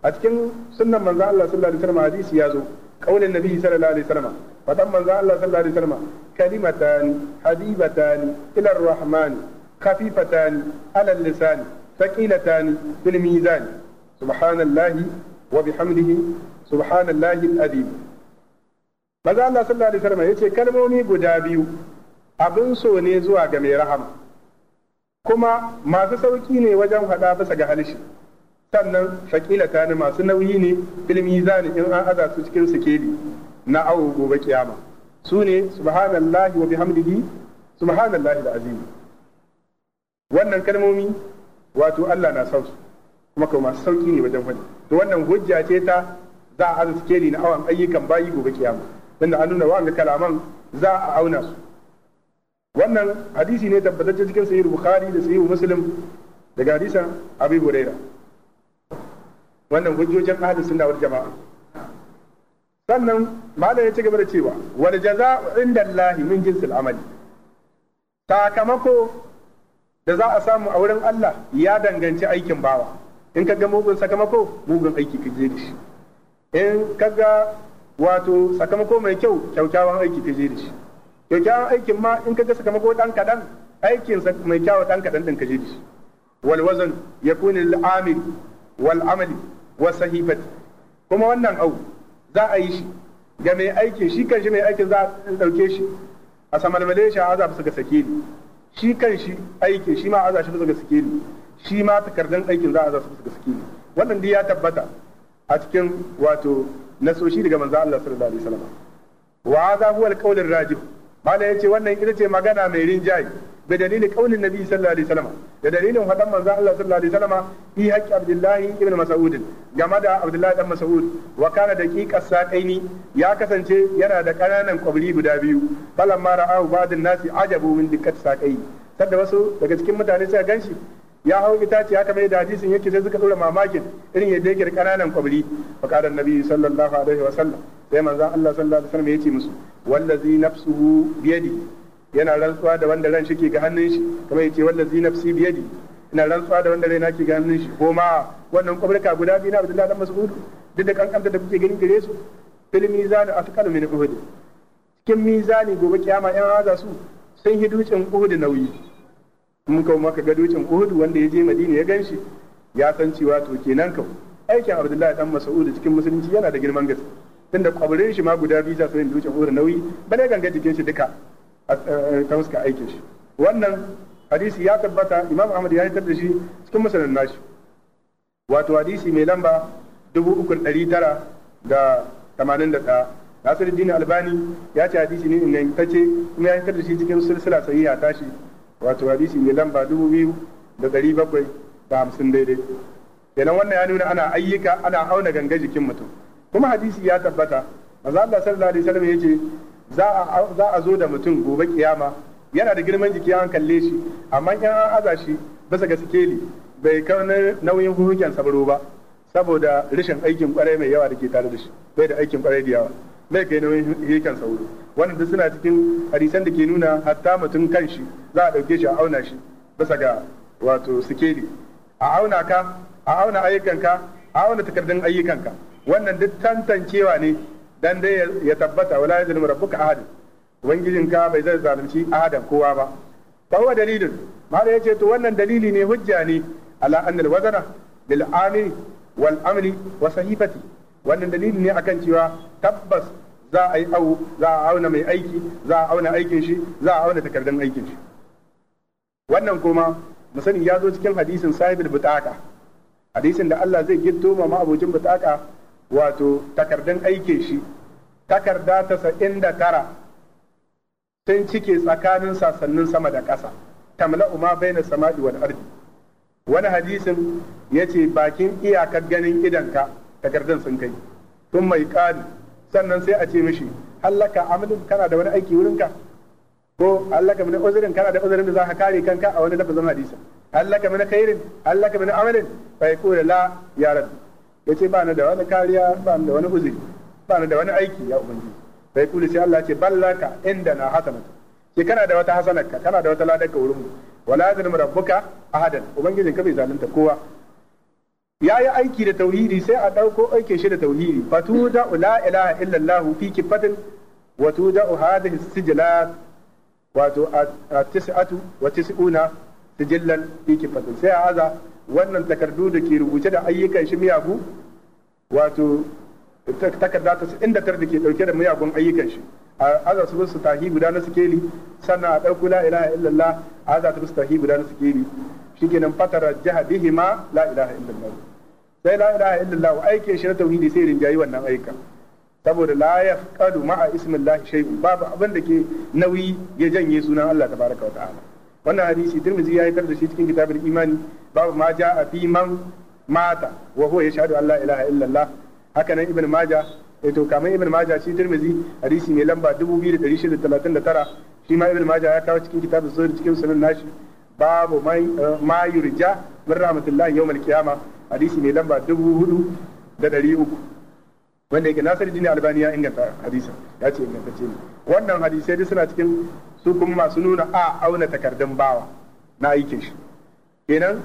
a cikin sunnan manzo Allah sallallahu alaihi wasallam hadisi ya zo qaulin nabi sallallahu alaihi wasallam fadan manzo Allah sallallahu alaihi wasallam kalimatan habibatan ila arrahman khafifatan ala lisan ثقيلتان في الميزان سبحان الله وبحمده سبحان الله maza Allah sallallahu alaihi wasallam yace kalmomi guda biyu abin so ne zuwa ga mai rahama kuma masu sauki ne wajen faɗa bisa ga halshi sannan ta ne masu nauyi ne filmi zani in an aza su cikin sikeli na awo gobe kiyama su ne subhanallahi wa bihamdihi subhanallahi da azimi wannan kalmomi wato Allah na sauki kuma kuma masu sauki ne wajen faɗi to wannan hujja ce ta za a aza sikeli na awon ayyukan bayi gobe kiyama tunda an nuna wa'anga kalaman za a auna su wannan hadisi ne tabbatacce cikin sahih bukhari da sahih muslim daga hadisan abi huraira wannan hujjojin ahlus sunna wal jama'a sannan malam ya ci gaba da cewa wal jaza'u inda Allah min jinsil amali sakamako da za a samu a wurin Allah ya danganci aikin bawa in ka ga mugun sakamako mugun aiki ka je da shi in ka ga wato sakamako mai kyau kyaukyawan aiki ta je da shi kyaukyawan aikin ma in ka ga sakamako dan kadan aikin mai kyawu dan kadan din ka je da shi wal wazan yakun lil amil wal amali wa sahifati kuma wannan au za a yi shi ga mai aikin shi kan shi mai aikin za a dauke shi a samalmale shi a azab su ga sake ni shi kan shi aikin shi ma a azab su ga sake ni shi ma takardun aikin za a azab su ga sake ni wannan dai ya tabbata a cikin wato nasoshi daga manzo Allah sallallahu alaihi wasallam wa hadha huwa al-qawl ar-rajih bala yace wannan ita ce magana mai rinjayi Bai dalilin kaulin nabi sallallahu alaihi wasallam da dalilin fadan manzo Allah sallallahu alaihi wasallam fi haqqi abdullahi ibn mas'ud game da abdullahi dan mas'ud wa kana daqiqa saqaini ya kasance yana da ƙananan kwabri guda biyu falamma ra'ahu ba'd nasi ajabu min dikkat saqai sadda wasu daga cikin mutane suka ganshi ya hau itaciya kamar da hadisin yake sai suka dora mamakin irin yadda yake da kananan kwabri fa nabi sallallahu alaihi wasallam sai manzon Allah sallallahu alaihi wasallam ya ce musu wallazi nafsuhu biyadi yana rantsuwa da wanda ran shi ke ga hannun shi kamar yace wallazi nafsi biyadi ina rantsuwa da wanda raina ke hannun shi ko ma wannan ka guda biyu na Abdullahi dan Mas'ud duk da kankanta da kuke gani gare su fil mizan atqal min uhud cikin mizani gobe kiyama yan haza su sun hiducin uhud nauyi in kawo maka gadocin dutsen Uhud wanda ya je Madina ya ganshi ya san cewa to kenan ka aikin Abdullahi dan Mas'ud cikin musulunci yana da girman gaske tunda kwabarin shi ma guda biyu za su yi dutsen Uhud nauyi bane ganga jikin shi duka ta fuska aikin shi wannan hadisi ya tabbata Imam Ahmad ya tabbata shi cikin musulunci. nashi wato hadisi mai lamba dubu ɗari da tamanin da Nasiruddin Albani ya ce hadisi ne ingantacce kuma ya hitar da shi cikin sulsula sahiha tashi wato hadisi ne lamba dubu biyu da ɗari bakwai da hamsin daidai kenan wannan ya nuna ana ayyuka ana auna ganga jikin mutum kuma hadisi ya tabbata maza Allah sallallahu alaihi wasallam yace za a zo da mutum gobe kiyama yana da girman jiki an kalle shi amma in an aza shi bisa ga sikeli bai kai nauyin hukuncin sabaro ba saboda rashin aikin kwarai mai yawa da ke tare da shi bai da aikin kwarai da yawa mai kai nauyin hikan sauro wannan duk suna cikin hadisan da ke nuna hatta mutum kan shi za a ɗauke shi a auna shi bisa ga wato sikeli a auna ka a auna ayyukanka a auna takardun ayyukanka wannan duk tantancewa ne dan dai ya tabbata wala yazlimu rabbuka ahad ubangijinka bai zai zalunci ahadan kowa ba fa huwa dalilun mala yace to wannan dalili ne hujja ne ala annal wazana lil amili wal amli wa sahifati wannan dalili ne akan cewa tabbas za a yi au za a auna mai aiki za a auna aikin shi za a auna takardun aikin shi wannan kuma mu sani ya zo cikin hadisin sahibul butaka hadisin da Allah zai gitto ma abocin butaka wato takardun aikin shi takarda ta sa'in da tara sun cike tsakanin sasannin sama da ƙasa Tamla'uma ma baina samadi wal ardi wani hadisin yace bakin iyakar ganin idanka Takardar sun kai sun mai ƙari sannan sai a ce mishi hallaka amalin kana da wani aiki wurinka ko hallaka min uzurin kana da uzurin da za ka kare kanka a wani lafazin hadisa hallaka min khairin hallaka min amalin bai yaqulu la ya rabbi yace ba ni da wani kariya ba ni da wani uzuri ba ni da wani aiki ya ubangiji bai yaqulu sai Allah ce ballaka na hasanatu sai kana da wata hasanarka kana da wata ladarka wurin mu wala yazlimu rabbuka ahadan ubangijin ka bai zalunta kowa ya yi aiki da tauhidi sai a ɗauko aike shi da tauhidi fatu da la ilaha illallah fi kifatin wa tu da hadhihi sijlat wato a tis'atu wa tis'una sijillan fi kifatin sai a aza wannan takardu da ke rubuce da ayyukan shi miyagu wato takarda ta inda tar da ke dauke da miyagun ayyukan shi aza su su tahi guda na sikeli sannan a ɗauko la ilaha illallah aza ta su tahi guda na sikeli shikenan fatara jihadihima la ilaha illallah sai la ilaha illallah wa aike shi na tauhidi sai rinjayi wannan aika saboda la yafqadu ma'a ismillahi shay'un babu abin da ke nauyi ya janye sunan Allah tabaraka wa ta'ala wannan hadisi Tirmidhi ya aikar da shi cikin kitabul imani babu ma ja'a fi man mata wa huwa yashhadu an la ilaha illallah haka nan ibn majah eh to kamar ibn Maja shi tirmizi hadisi mai lamba 2639 shi ma ibn Maja ya kawo cikin kitab zuhri cikin sunan nashi babu eh, ma yurja min rahmatullahi yawmal qiyamah hadisi mai lamba dubu hudu da ɗari uku wanda yake jini albani ya inganta hadisin ya ce ingantacce ce wannan hadisai duk suna cikin su kuma masu nuna a auna takardun bawa na aikin shi kenan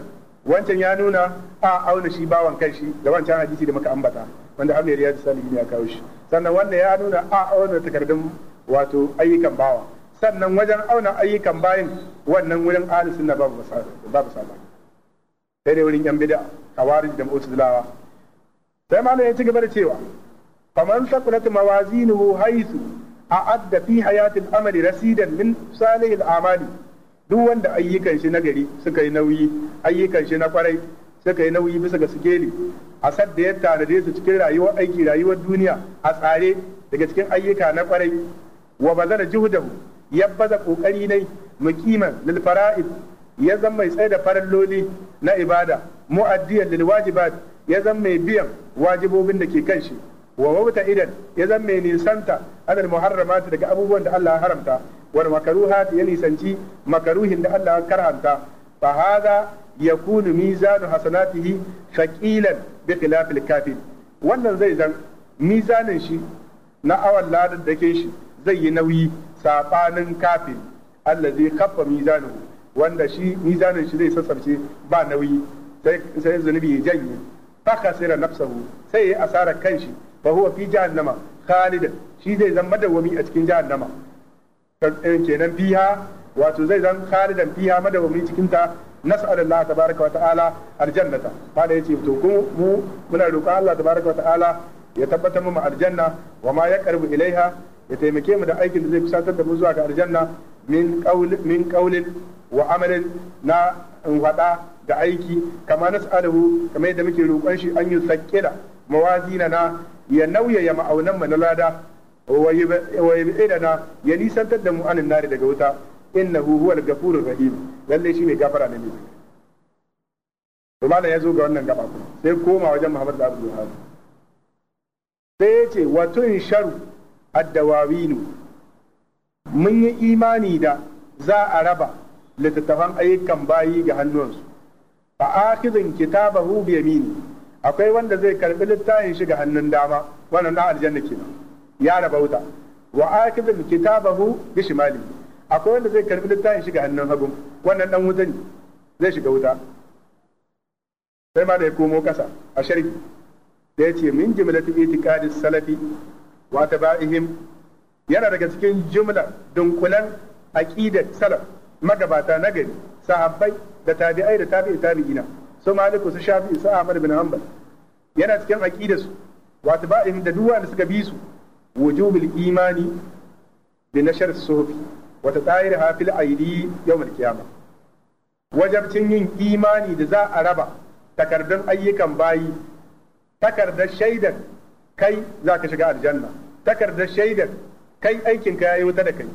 wancan ya nuna a auna shi bawan kan shi da wancan hadisi da muka ambata wanda amir ya Sani jini ya kawo shi sannan wanda ya nuna a auna takardun wato ayyukan bawa sannan wajen auna ayyukan bayin wannan wurin alisun na babu babu sabani sai dai wurin yan bid'a khawarij da mu'tazilawa sai malam ya ci gaba da cewa faman saqulat mawazinuhu haythu a'adda fi hayatil amali rasidan min salihil amali duk wanda ayyukan shi nagari suka yi nauyi ayyukan shi na kwarai suka yi nauyi bisa ga sikeli a sadda ya tanade su cikin rayuwar aiki rayuwar duniya a tsare daga cikin ayyuka na kwarai wa bazara juhdahu ya baza kokari nai mukiman lil fara'id ya zan mai tsaye da faralloli na ibada mu'addiyan lil wajibat ya zan mai biyan wajibobin da ke kan shi wa wauta idan ya zan mai nisanta anil muharramat daga abubuwan da Allah ya haramta wal makaruhat ya nisanci makaruhin da Allah ya karhanta fa hadha yakunu mizanu hasanatihi shaqilan bi khilafil kafir wannan zai zan mizanin shi na awon ladan da ke shi zai yi nauyi sabanin kafin allazi kaffa mizanuhu wanda shi mizanin shi zai sassarce ba nauyi sai zunubi ya janye fa da nafsahu sai ya asara kanshi fa huwa fi jahannama khalidan shi zai zan madawami a cikin jahannama eh, kenan fiha wato zai zan khalidan fiha madawami cikin ta nas'al Allah tabaraka wa ta'ala aljannata fada yace to ku mu muna roƙon Allah tabaraka wa ta'ala ya tabbatar mu aljanna wa ma yaqrabu ilaiha ya taimake mu da aikin da zai kusantar da mu zuwa ga aljanna min qaulin min qaulin wa amalin na in faɗa da aiki kamar kama nas'aluhu kamar yadda muke roƙon shi an yi sakkila mawazina na na ya nauyaya ma'aunan mu na lada wa yub'ida na ya nisantar da mu anin nari daga wuta innahu huwal gafurur rahim lallai shi ne gafara ne mai to malam ya zo ga wannan gaba kuma sai koma wajen Muhammad da Abdul Wahab sai ya ce wa tun sharu ad-dawawinu mun yi imani da za a raba littattafan ayyukan bayi ga hannuwansu fa akhidhin kitabahu bi yamini akwai wanda zai karbi littafin shi ga hannun dama wannan da aljanna kenan ya raba rabauta wa akhidhin kitabahu bi shimali akwai wanda zai karbi littafin shi ga hannun hagu wannan dan wuta ne zai shiga wuta sai ma da ya komo kasa a sharhi da ya ce min jimlati itiqadis salafi wa tabaihim yana daga cikin jumla dunkulan aqidat salaf magabata na gari sahabbai da tabi'ai da tabi'i tabi'ina su maliku su shafi'i su ahmad bin hanbal yana cikin aqidar su wa tabi'in da duk da suka bi su wujubul imani bi nashr suhufi wa tatayirha fil aidi yawm al wajabcin yin imani da za a raba takardun ayyukan bayi takardar shaidar kai za ka shiga aljanna takardar shaidar kai aikinka yayi wuta da kai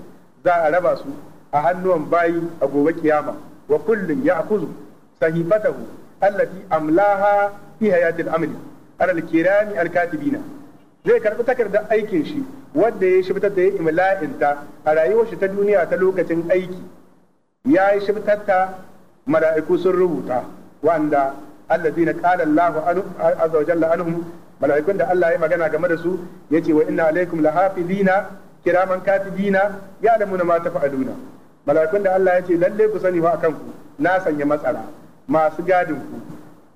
za a raba su a hannuwan bayi a gobe kiyama wa kullun ya'khudhu sahifatahu allati amlaha fi hayatil amali alal kirami alkatibina zai karbi takardar aikin shi wanda ya shibtar da ya imla'inta a rayuwar shi ta duniya ta lokacin aiki ya yi shibtar mala'iku sun rubuta wanda allazina qala Allahu azza wa jalla anhum mala'ikun da Allah ya magana game da su yace wa inna alaikum lahafizina kiraman katibina ya'lamuna ma tafa'aluna mala'ikun da Allah ya ce lalle ku sani fa kanku na sanya matsara masu gadin ku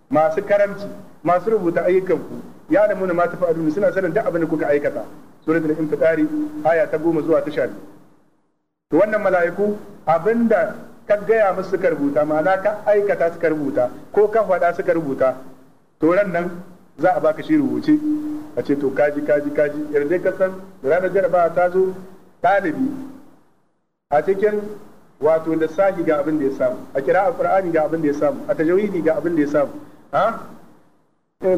masu karamci masu rubuta ayyukan ku ya da muna mata fa'alun suna sanin duk abin da kuka aikata suratul infitari aya ta goma zuwa tashar. 12 to wannan mala'iku abinda ka gaya musu suka rubuta ma'ana ka aikata suka rubuta ko ka faɗa suka rubuta to ran nan za a baka shi rubuce a ce to kaji kaji kaji yanzu ka san ranar jarabawa ta zo ɗalibi a cikin wato lissafi ga abin da ya samu a a qur'ani ga abin da ya samu a tajawidi ga abin da ya samu ha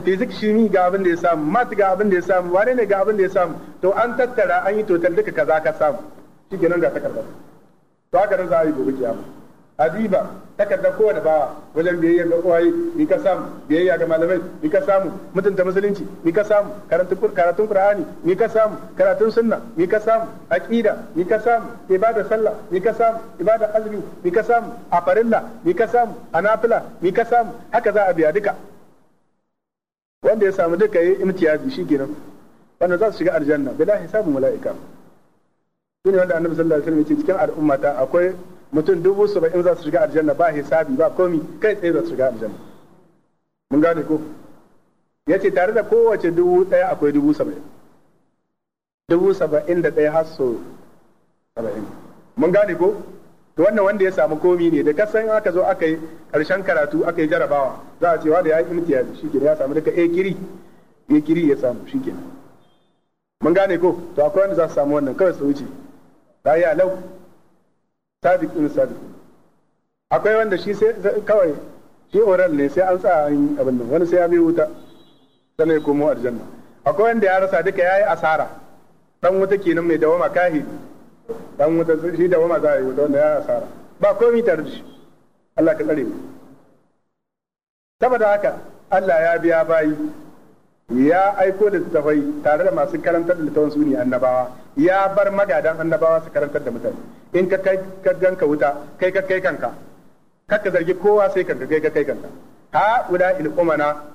fizik eh, shimi ga abin da ya samu mat ga abin da ya samu wane ne ga abin da ya samu to an tattara an yi total duka kaza ka samu shi kenan ga takardar to haka nan za a yi gobe kiyama adiba takarda kowane bawa wajen biyayya ga uwaye ni ka samu biyayya ga malamai ni ka samu mutunta musulunci ni ka samu karatun qur'ani ni ka samu karatun sunna ni ka samu aqida ni ka samu ibada sallah ni ka samu ibada azumi ni ka samu a farilla ni ka samu anafila ni ka samu haka za a biya duka wanda ya samu duka yayi imtiyazi shikenan wanda za su shiga aljanna bila hisabun mala'ika shine wanda annabi sallallahu alaihi wasallam ya ce cikin al'ummata akwai mutum dubu saba'in za su shiga aljanna ba hisabi ba komi kai tsaye za su shiga aljanna mun gane ko ya ce tare da kowace dubu ɗaya akwai dubu saba'in dubu saba'in da ɗaya har saba'in mun gane ko to wannan wanda ya samu komi ne da kasan aka zo aka yi ƙarshen karatu aka yi jarabawa za a ce wanda ya yi imtiya shi ya samu duka a kiri a kiri ya samu shi mun gane ko to akwai wanda za su samu wannan kawai su wuce ta yi lau. in Sadiq akwai wanda shi sai kawai shi oral ne sai an sa an abin nan wani sai ya bi wuta sai ya komo aljanna akwai wanda ya rasa duka yayi asara dan wuta kenan mai dawama kahi dan wuta shi dawama za a yi wuta wanda ya asara ba komai tare da shi Allah ka tsare mu saboda haka Allah ya biya bayi ya aiko da tafai tare da masu karantar da littafin suni annabawa ya bar magadan annabawa su karantar da mutane in ka kai ka ganka wuta kai ka kai kanka kaka zargi kowa sai kanka kai ka kai kanka ha wuda il umana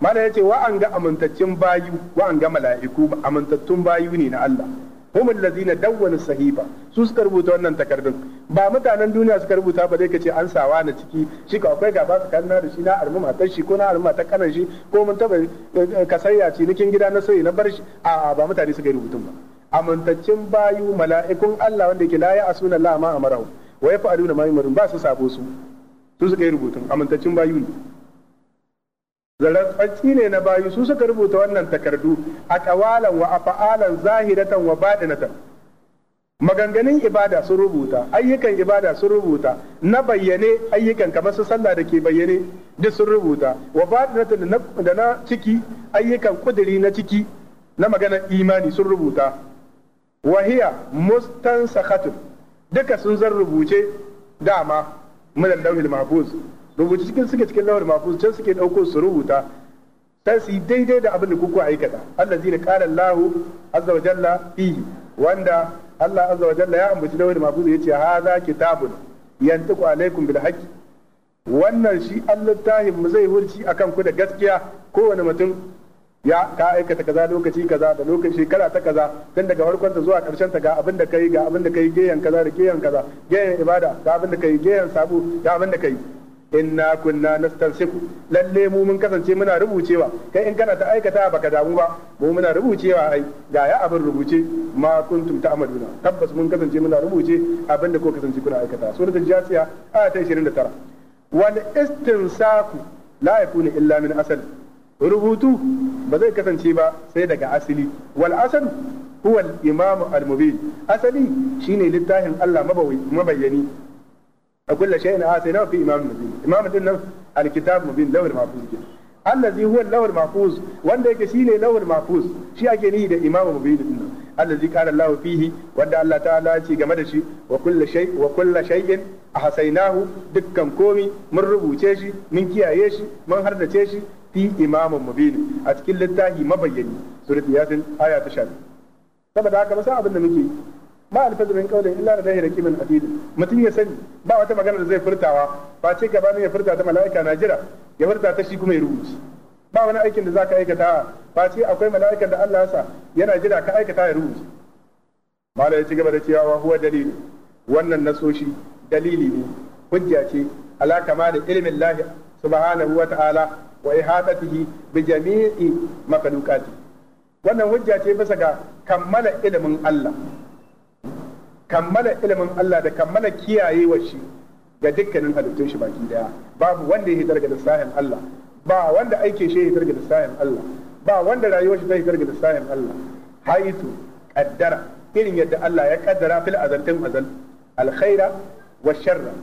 mala yace wa an ga amintaccen bayu wa an ga mala'iku amintattun bayu ne na Allah humul ladzina dawwana sahiba su suka rubuta wannan takardun ba mutanen duniya suka rubuta ba zai kace an sawa na ciki shi ka akwai gaba kanna da shi na armi ta shi ko na armi ta kanan shi ko mun taba eh, eh, kasayya ci nikin gida na soyi na bar shi a ba mutane suka yi rubutun ba amintaccen bayu mala'ikun Allah wanda yake la ya asuna Allah ma amarahu wa fa'alu ma yumarun ba su sabo su su suka yi rubutun amintaccen bayu ne zaratsatsi ne na bayu su suka rubuta wannan takardu a kawalan wa afa'alan zahiratan wa badinatan maganganun ibada sun rubuta ayyukan ibada sun rubuta na bayyane ayyukan kamar su sallah da ke bayyane duk sun rubuta wa badinatan da na ciki ayyukan kudiri na ciki na maganar imani sun rubuta wahiya mustansakhatun duka sun zan rubuce dama minan lauhil mahfuz rubuce cikin suke cikin lauhil mahfuz can suke dauko su rubuta sai su daidai da abin da kuku aikata allazina qala Allah azza wa jalla fihi wanda Allah azza wa jalla ya ambaci lauhil mahfuz yace hadha kitabun yantiqu alaikum bil haqqi wannan shi Allah tahin mu zai hurci akan ku da gaskiya kowane mutum ya ka aikata kaza lokaci kaza da lokaci shekara ta kaza tun daga farkon zuwa karshen ta ga abin da kai ga abin da kai geyan kaza da geyan kaza geyan ibada ga abin da kai geyan sabu ga abin da kai inna kunna nastansiku lalle mu mun kasance muna rubucewa kai in kana ta aikata baka damu ba mu muna rubucewa ai ga ya abin rubuce ma kuntum ta'maluna tabbas mun kasance muna rubuce abin da ko kasance kuna aikata suratul jasiya aya ta 29 wal istinsaku la yakunu illa min asali rubutu ba zai kasance ba sai daga asali wal asal huwa al imam al mubin asali shine littafin Allah mabayyani a kullu shay'in asina fi imam mubin imam din nan al kitab mubin lawal mahfuz ke allazi huwa lawal mahfuz wanda yake shine lawal mahfuz shi ake nihi da imam mubin din nan allazi qala Allah fihi wanda Allah ta'ala ce game da shi wa kulla shay wa kullu shay'in ahsaynahu dukkan komi mun rubuce shi mun kiyaye shi mun hardace shi fi imamin mubin a cikin littafi mabayyani surat yasin aya ta 12 saboda haka ba san abin da muke ma alfazir min qawlin illa la dahira kimin atid mutum ya sani ba wata magana da zai furtawa ba ce gaba ne ya furta ta mala'ika na jira ya furta ta shi kuma ya rubuci ba wani aikin da zaka aikata ba ce akwai mala'ikan da Allah ya sa yana jira ka aikata ya rubuci mala ya ci gaba da cewa huwa dalili wannan nasoshi dalili ne hujja ce ala kamali ilmin lahi subhanahu wa ta'ala wa ihadatihi bi jami'i makhluqati wannan hujja ce bisa ga kammala ilimin Allah kammala ilimin Allah da kammala kiyaye shi ga dukkanin halittun shi baki daya babu wanda ya hitar da lissahin Allah ba wanda aike shi ya hitar ga lissahin Allah ba wanda rayuwar shi ta hitar da lissahin Allah haitu kaddara irin yadda Allah ya kaddara fil azantin azal alkhaira wa sharra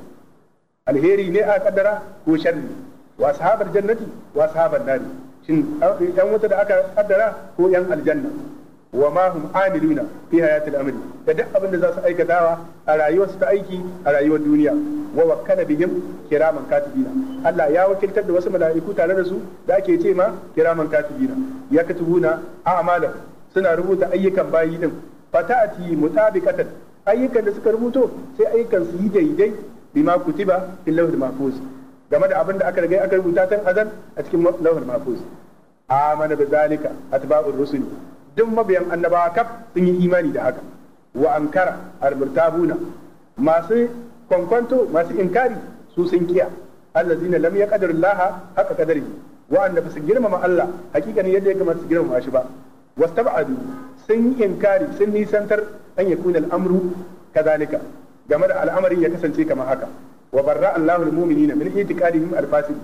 alheri ne a kaddara ko sharri wa sahabar jannati wa sahabar nari shin eh, yan wata da aka kaddara ko yan aljanna wa ma amiluna fi hayatil amri da duk abin da za su aikata a rayuwarsu ta aiki a rayuwar duniya wa wakkala bihim kiraman katibina Allah ya wakiltar da wasu mala'iku tare da su da ake ce ma kiraman katibina ya a malam suna rubuta ayyukan bayi din fata'ati mutabiqatan ayyukan da suka rubuto sai ayyukan su yi daidai bima kutiba fil lawhil mahfuz game da abin da aka riga aka rubuta kan azan a cikin lauhul mahfuz amana bi zalika atba'ur rusul duk mabiyan annabawa kaf sun yi imani da haka wa ankara al-murtabuna masu kwankwanto masu inkari su sun kiya allazina lam yaqdiru Allah haka kadari wa annabi su girmama Allah hakikanin yadda ya kamata su girmama shi ba wastab'adu sun yi inkari sun nisantar an yakuna al-amru kazalika game da al'amarin ya kasance kamar haka wa barra Allahu al-mu'minina min itiqadihim al-fasid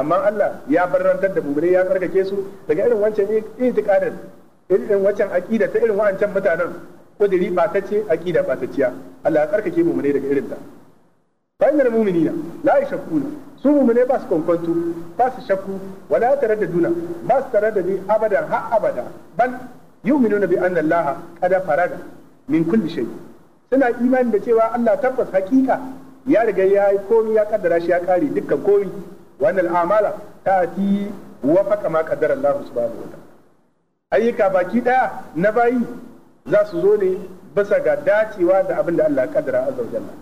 amma Allah ya barrantar da mu'mini ya tsarkake su daga irin wancan itiqadin irin wancan aqida ta irin wancan mutanen kudiri batacce aqida batacciya Allah ya tsarkake mu'mini daga irin ta fa'inal mu'minina la yashakkuna su muminai ba su kwankwanto ba su shakku wala taraddaduna ba su taraddadi abadan har abada bal yu'minuna bi anna Allah qad farada min kulli shay suna imani da cewa Allah tabbas hakika ya riga ya yi komi ya kaddara shi ya kare dukkan komi wannan al'amala ta ti faka ma kaddara Allah subhanahu wa ayyuka baki daya na bayi za su zo ne bisa ga dacewa da abin da Allah ya kaddara azza wa jalla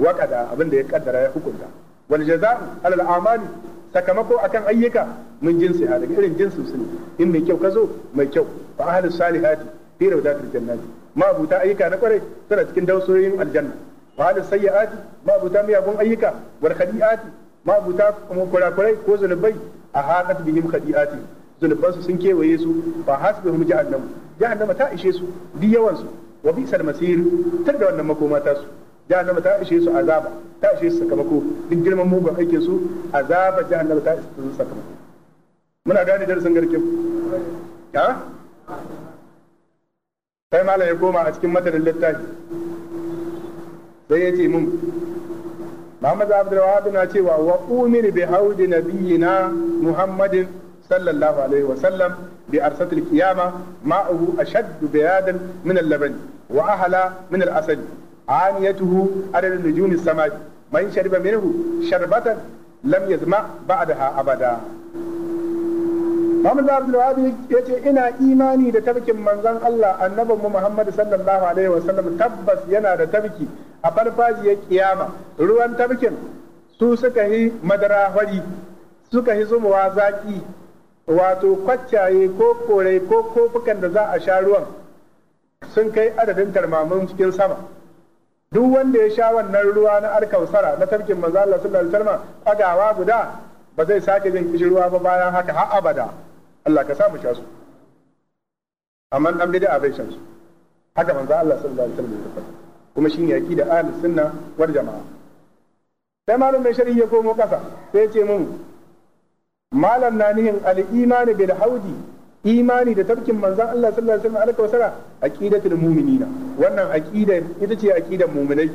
wa kada abin da ya kaddara ya hukunta wal jaza'u alal a'mali sakamako akan ayyuka mun jinsi a daga irin jinsin su ne in mai kyau ka zo mai kyau fa ahlus salihati fi rawdatil jannati ma buta ayyuka na kwarai suna cikin dausoyin aljanna wa ahlus sayyi'ati ma abuta miyagun ayyuka wal khadi'ati ma abuta kurakurai ko zunubai a haɗat bihim khadi'ati zunuban su sun kewaye su fa hasbihum jahannam jahannama ta ishe su di yawan su wa bisal masir tar da wannan makoma ta su jahannama ta ishe su azaba ta ishe su sakamako duk girman mugun aikin su azaba jahannama ta ishe su sakamako muna gane darasin garkin ha sai malam ya koma a cikin matanin littafi sai ya ce mun Muhammad Abdul Wahab na cewa wa umir bi haudi nabiyina Muhammadin sallallahu alaihi wa sallam bi arsat al qiyama ma'ahu ashaddu biyadan min al-laban wa ahla min al-asad aniyatuhu adad nujumi samai man shariba minhu sharbatan lam yazma ba'daha abada Muhammad Abdul Wahab ce ina imani da tafkin manzon Allah annabinmu Muhammad sallallahu alaihi wasallam tabbas yana da tafki a farfajiyar kiyama ruwan tafkin su suka yi madara hwari suka yi zumuwa zaki wato kwaccaye ko kore ko kofukan da za a sha ruwan sun kai adadin tarmamin cikin sama duk wanda ya sha wannan ruwa na arkausara na tafkin manzo Allah sallallahu alaihi wasallam guda ba zai sake jin kishirwa ba bayan haka har abada Allah ka sa mu sha su amma dan bid'a bai shan su haka manzo Allah sallallahu alaihi wasallam ya faɗa kuma shine aqida ahlus sunna wal jamaa sai malam mai sharhi ya komo kasa sai ya ce mun malam na nihin al imani bil haudi imani da tafkin manzon Allah sallallahu alaihi wasallam alaka wasara aqidatul mu'minina wannan aqida ita ce aqidar mu'minai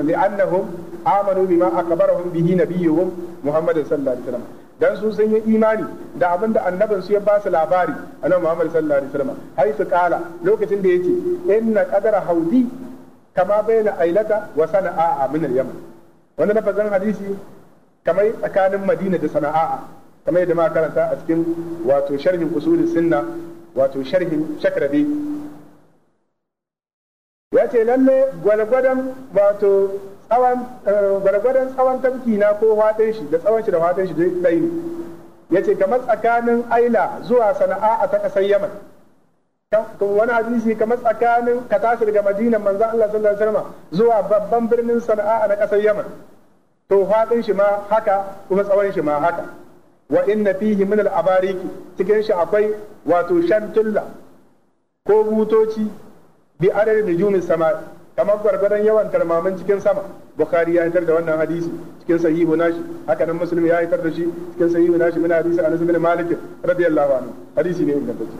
لأنهم آمنوا بما أخبرهم به نبيهم محمد صلى الله عليه وسلم dan su sun yi imani da abin da annabin su ya ba su labari annabi Muhammad sallallahu alaihi wasallam hay su kala lokacin da yace inna kadar haudi kama baina ailata wa sana'a min al-yaman wannan lafazan hadisi kamar tsakanin Madina da Sana'a kamar yadda ma karanta a cikin wato sharhin usulin sunna wato sharhin shakrabi ya ce lalle gwalgwadon wato Eh, gwargwadon tsawon tamki na ko fatan shi da tsawon shi da fatan shi dai ne Ya ce kamar tsakanin aila zuwa sana'a a ta ƙasar yaman to wani hadisi kamar tsakanin ka tashi daga madina manzo Allah sallallahu alaihi wasallam zuwa babban birnin sana'a na ƙasar yaman to fadin shi ma haka kuma tsawon shi ma haka wa inna fihi min al-abariki cikin shi akwai wato shantulla ko butoci bi adadin nujumin sama'i kamar gwargwadon yawan tarmamin cikin sama bukhari ya hitar da wannan hadisi cikin sahihu nashi haka nan muslim ya hitar da shi cikin sahihu nashi min hadisi anas bin malik radiyallahu anhu hadisi ne ingantacce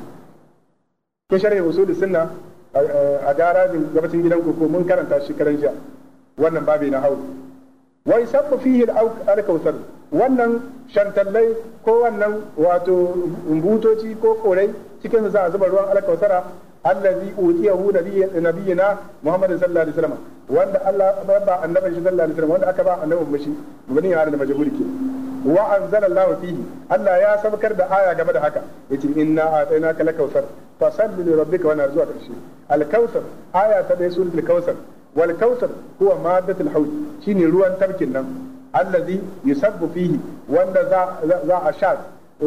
ke sharhi usul sunna a garajin gabacin gidan koko mun karanta shi karan jiya wannan babi na hau. wai sabbu fihi al-kautsar wannan shantallai ko wannan wato butoci ko korai cikin za a zuba ruwan Alkausara. allazi utiyahu nabiyina muhammad sallallahu alaihi wasallam wanda Allah ya ba annabi shi sallallahu alaihi wasallam wanda aka ba annabi mishi bani ya da majhuli ke wa anzalallahu fihi Allah ya sabkar da aya game da haka yace inna atainaka lakausar fasalli li rabbika wa narzuka karshe al-kausar aya ta da suratul kausar wal kausar huwa maddatul hawd shine ruwan tabkin nan allazi yusabbu fihi wanda za za a sha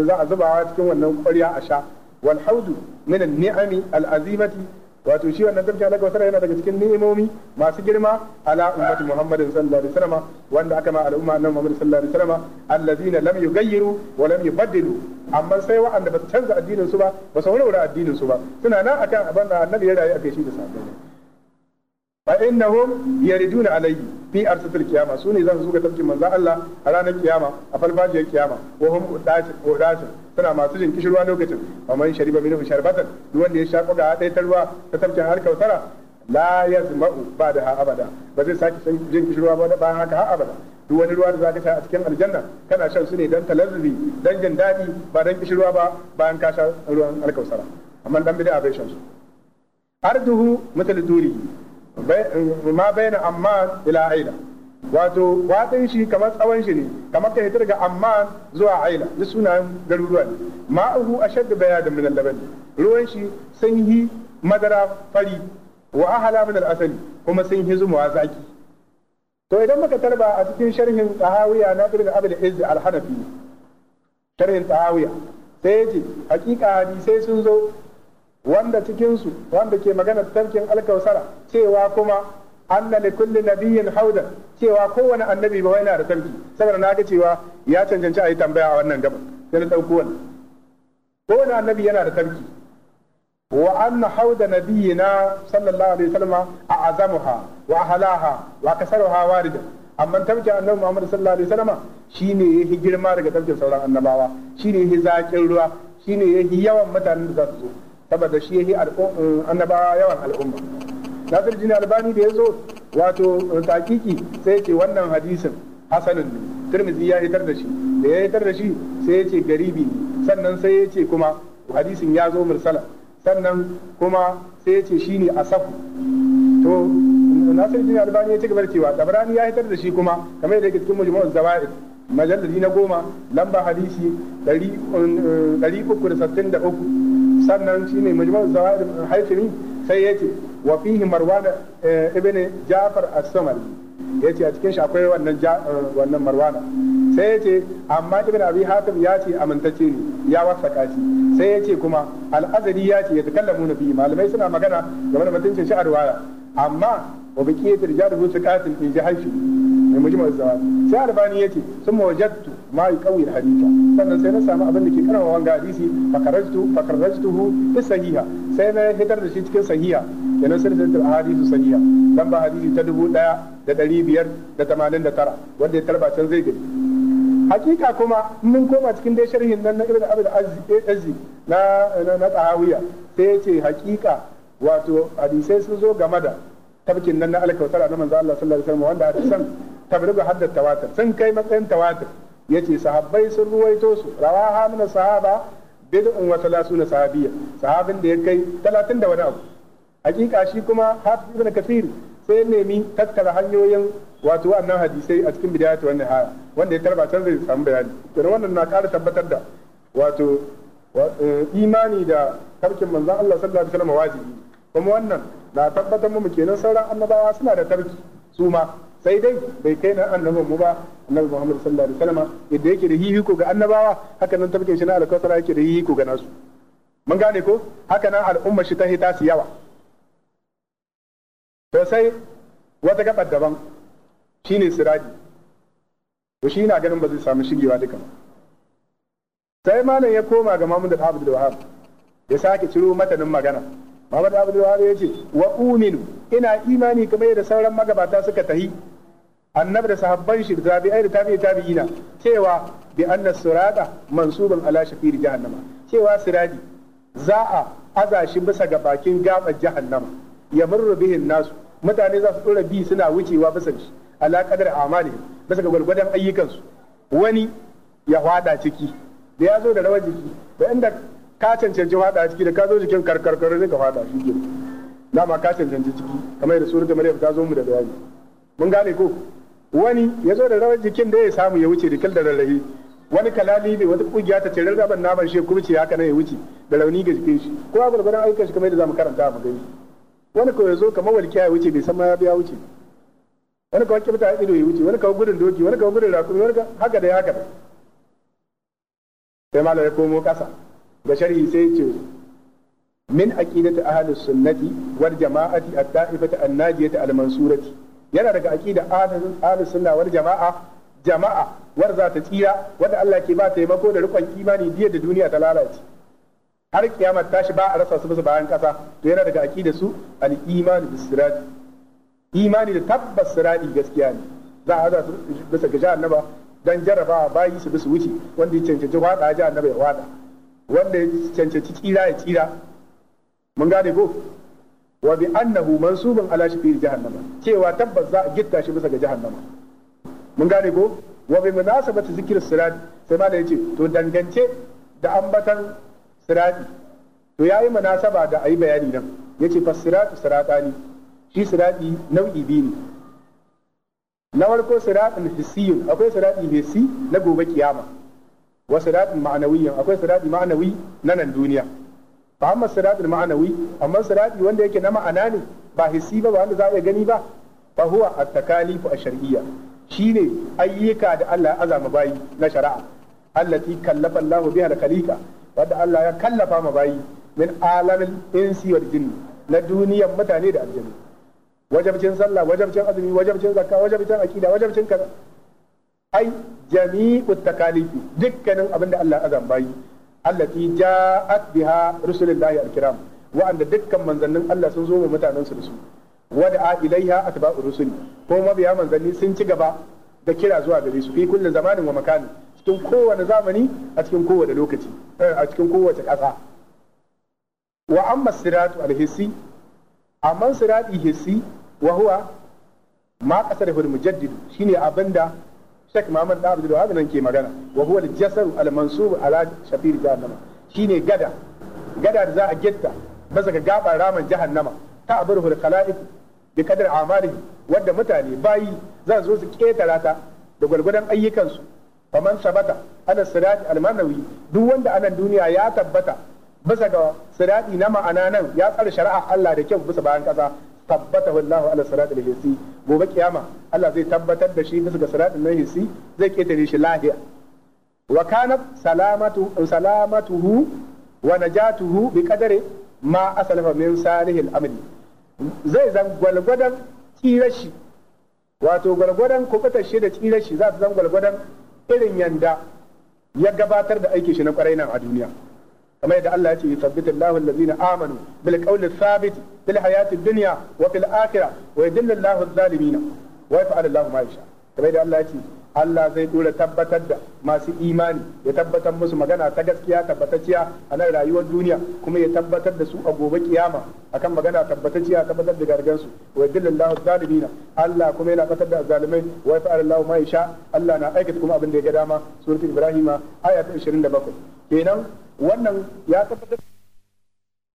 za a zubawa cikin wannan ƙwarya a sha wal haudu min ni'ami al'azimati wato shi wannan tafkin alaka wasara yana daga cikin ni'imomi masu girma ala ummati muhammadin sallallahu alaihi wanda aka ma al'umma annabi muhammad sallallahu alaihi wasallam allazina lam yughayyiru wa lam yubaddilu amma sai wa'anda ba su canza addinin su ba ba su wurwura addinin su ba suna nan akan abin da annabi ya rayu a kai shi da sahabbai fa innahum yariduna alayhi fi arsatil kiyama sune zan ga tafkin manzon Allah a ranar kiyama a farfajiyar kiyama wa hum suna masu jin kishirwa lokacin fa man shariba minhu sharbatan duk wanda ya sha ga ɗaya ta ruwa ta tafkin har kautara la yazma'u ba abada ba zai sake jin kishirwa ba bayan haka har abada duk wani ruwa da zaka sha a cikin aljanna kana shan su ne dan talazzubi dan jin daɗi ba dan kishirwa ba bayan ka sha ruwan alkausara amma dan bid'a bai shan su arduhu mutal durihi ma bayana amman ila aila wato watsin shi kamar tsawon shi ne kamar kai daga amma zuwa aila duk sunayen garuruwa ne ma'ahu ashaddu bayadan min al-laban ruwan shi yi madara fari wa ahala min asali kuma sun hi zumuwa zaki to idan muka tarba a cikin sharhin tsahawiya na ibn abul izz al-hanafi sharhin tsahawiya sai yace hakika hadisai sun zo wanda cikinsu wanda ke magana tafkin alkausara cewa kuma anna li kulli nabiyyin haudan cewa kowane annabi ba yana da tafki saboda na ga cewa ya cancanci a yi tambaya a wannan gaba sai na dauko wannan kowane annabi yana da tafki wa anna hauda nabiyyina sallallahu alaihi wasallam a azamuha wa ahalaha wa kasaruha warida amma tafkin annabi Muhammad sallallahu alaihi wasallam shine yahi girma daga tafkin sauran annabawa shine yahi zakin ruwa shine yahi yawan mutanen da za su zo saboda shi yake mm, annaba yawan al'umma nasir jini albani da ya zo wato mm, takiki sai ce wannan hadisin hasanin ne turmizi ya hitar da shi da ya hitar da shi sai ya ce garibi ne sannan sai ya ce kuma hadisin ya zo mursala sannan kuma sai ya ce shi ne asafu to mm, nasir jini albani ya ci gaba da cewa tabarani ya hitar da shi kuma kamar yadda yake cikin mujmu'uz zawa'id majalladi na goma lamba hadisi 363 sannan shi ne majmu'u zawahir haifini sai ya ce wa fihi marwan eh, ibn jafar as-samari ce a cikin shi akwai wannan eh, wannan marwana sai ya ce amma ibn abi hatim ya ce amintacce ne ya wasaka shi sai ya ce kuma al-azari ya ce ya takallamu na fi malamai suna magana game da mutuncin shi a riwaya amma wa biqiyatir jaruhu thiqatin in ji jahshi mai mujmu'u zawahir sai albani ce summa wajadtu ma yi yuqawwi haditha sannan sai na samu abin da ke karawa wanga hadisi fakarajtu fakarajtuhu fi sahiha sai na hitar da shi cikin sahiha na sai da hadisu sahiha dan ba hadisi ta dubu daya da ɗari biyar da tamanin da tara wanda ya tarba can zai gani hakika kuma mun koma cikin dai sharhin nan na ibn abd azzi eh, na na tsahawiya sai ya ce hakika wato hadisai sun zo game da tabkin nan na alkautar na manzo Allah sallallahu alaihi wasallam wanda hadisan tabrigu hadda tawatir sun kai matsayin tawatir yace sahabbai sun ruwaito su rawaha min sahaba bid'un wa salasuna sahabiyya sahabin da ya kai talatin da wani abu hakika shi kuma hafiz ibn kasir sai ya nemi tattara hanyoyin wato wannan hadisai a cikin bidayatu wannan haya wanda ya tarba zai samu bayani to wannan na ƙara tabbatar da wato eh, imani da tarkin manzon Allah sallallahu alaihi wasallam wajibi kuma wannan na tabbatar mu kenan sauran annabawa suna da tarki su ma sai dai bai kai na annabin mu ba annabi Muhammadu sallallahu alaihi wasallam yadda yake da hihiko ga annabawa haka nan tafkin shi na alkasara yake da hihiko ga nasu mun gane ko haka nan al'umma shi ta hita su yawa to sai wata gabar daban shine siraji to shi na ganin ba zai samu shigewa duka ba sai malam ya koma ga Muhammad Abdul wahab ya sake ciro matanin magana Muhammad Abdul Wahhab ya ce wa uminu ina imani kamar yadda sauran magabata suka tahi annabi da sahabban shi da tabi'ai da tabi'i tabi'ina cewa bi anna sirata mansubun ala shafiri jahannama cewa siradi za a aza shi bisa ga bakin gabar jahannama ya murru bihin nasu mutane za su dora bi suna wucewa bisa shi ala qadar amalihim bisa ga gwargwadon ayyukansu wani ya hwada ciki da ya zo da rawar jiki da inda ka cancanci hwada ciki da ka zo jikin karkarkar ne ka hwada shi dama ka cancanci ciki kamar da surat maryam ta zo mu da bayani mun gane ko wani ya zo da rawar jikin da ya samu ya wuce rikil da rarrahi wani kalali ne wata kungiya ta ce gaban naman shi kurci haka nan ya wuce da rauni ga jikin shi kowa gurgurdan ayyukan shi kamar yadda zamu karanta mu gani wani ko ya zo kamar walkiya ya wuce bai san ma ya wuce wani kawai kibta ido ya wuce wani kawai gudun doki wani kawai gudun rakumi wani haka da haka da sai malam ya komo kasa ga sharhi sai ce min aqidati ahli sunnati wal jama'ati at-ta'ifati an-najiyati al-mansurati yana daga aqida ahlus sunna wal jama'a jama'a war za ta tsira wanda Allah ke ba taimako da rikon imani diya da duniya ta lalace har kiyamar tashi ba a rasa su bayan ƙasa to yana daga aqida su al imani bis sirat imani da tabbas sirati gaskiya ne za a za su bisa ga naba dan jarrabawa bayi su bisa wuce wanda ya cancanci wada naba ya wada wanda ya cancanci tsira ya tsira mun gane ko wa bi annahu mansubun ala jihar jahannama cewa tabbas za a gitta shi bisa ga jahannama mun gane ko wa bi munasabati zikr sirat sai ma da yace to dangance da ambatan sirat to yayi munasaba da ayi bayani nan yace fa sirat siratani shi sirati nau'i biyu ne na farko siratul hissiyun akwai sirati hissi na gobe kiyama wa siratul ma'anawiyyun akwai sirati ma'anawi na nan duniya ba amma siratul ma'anawi amma sirati wanda yake na ma'ana ne ba hissi ba wanda za a gani ba fa huwa at-takalifu ash-shar'iyya shine ayyuka da Allah ya azama bayi na shari'a allati kallafa Allahu biha al-khaliqa wanda Allah ya kallafa ma bayi min alamil insi wal jinn na duniyar mutane da aljanna wajabcin sallah wajabcin azumi wajabcin zakka wajabcin aqida wajabcin kaza ai jami'ut takalifi dukkanin abin da Allah ya azama bayi ja allati ja'at biha rusulullahi alkiram waɗanda dukkan manzannin Allah sun zo wa mutanen su da su wada'a ilaiha atba'u rusul ko mabiya manzanni sun ci gaba da kira zuwa gare su fi kullu zamanin wa makani cikin kowane zamani a cikin kowane lokaci eh, a cikin kowace ƙasa wa amma siratu alhissi amma sirati hissi wahuwa huwa ma qasara al shine abinda Sheikh Muhammad da Abdul Wahab nan ke magana wa huwa al-jasar al-mansub ala shafir jahannama shine gada gada da za a getta bisa ga raman jihar jahannama ta abruhu al-khalaiq bi qadar amalihi wanda mutane bayi za su zo su ketara ta da gwargwadon ayyukansu faman sabata ala sirati al-manawi duk wanda anan duniya ya tabbata bisa ga sirati na ma'ana nan ya tsara shari'a Allah da kyau bisa bayan kasa tabbatahu Allahu ala siratil hisi gobe kiyama Allah zai tabbatar da shi bisa ga siratin nan hisi zai ketare shi lahiya wa kanat salamatu salamatuhu wa najatuhu bi qadari ma asalafa min salihil amali zai zan gwalgwadan tsirar shi wato gwalgwadan kubutar shi da tsirar shi za su zan gwalgwadan irin yanda ya gabatar da aikin shi na kwarai nan a duniya kamar yadda Allah ya ce yusabbitu Allahu allazina amanu bil qawli thabit Duniya hayati Akira wa fil akhirah wa yudillu Allahu adh-dhalimin wa yadda Allah ya ce Allah zai dora tabbatar da masu imani ya tabbatar musu magana ta gaskiya tabbatacciya a nan rayuwar duniya kuma ya tabbatar da su a gobe kiyama akan magana tabbatacciya tabbatar da gargansu wa dillallahu zalimina Allah kuma yana fatar da zalimai wa fa'ala ma yasha Allah na aikata kuma abin da ya ga dama suratul ibrahima aya ta 27 kenan wannan ya tabbatar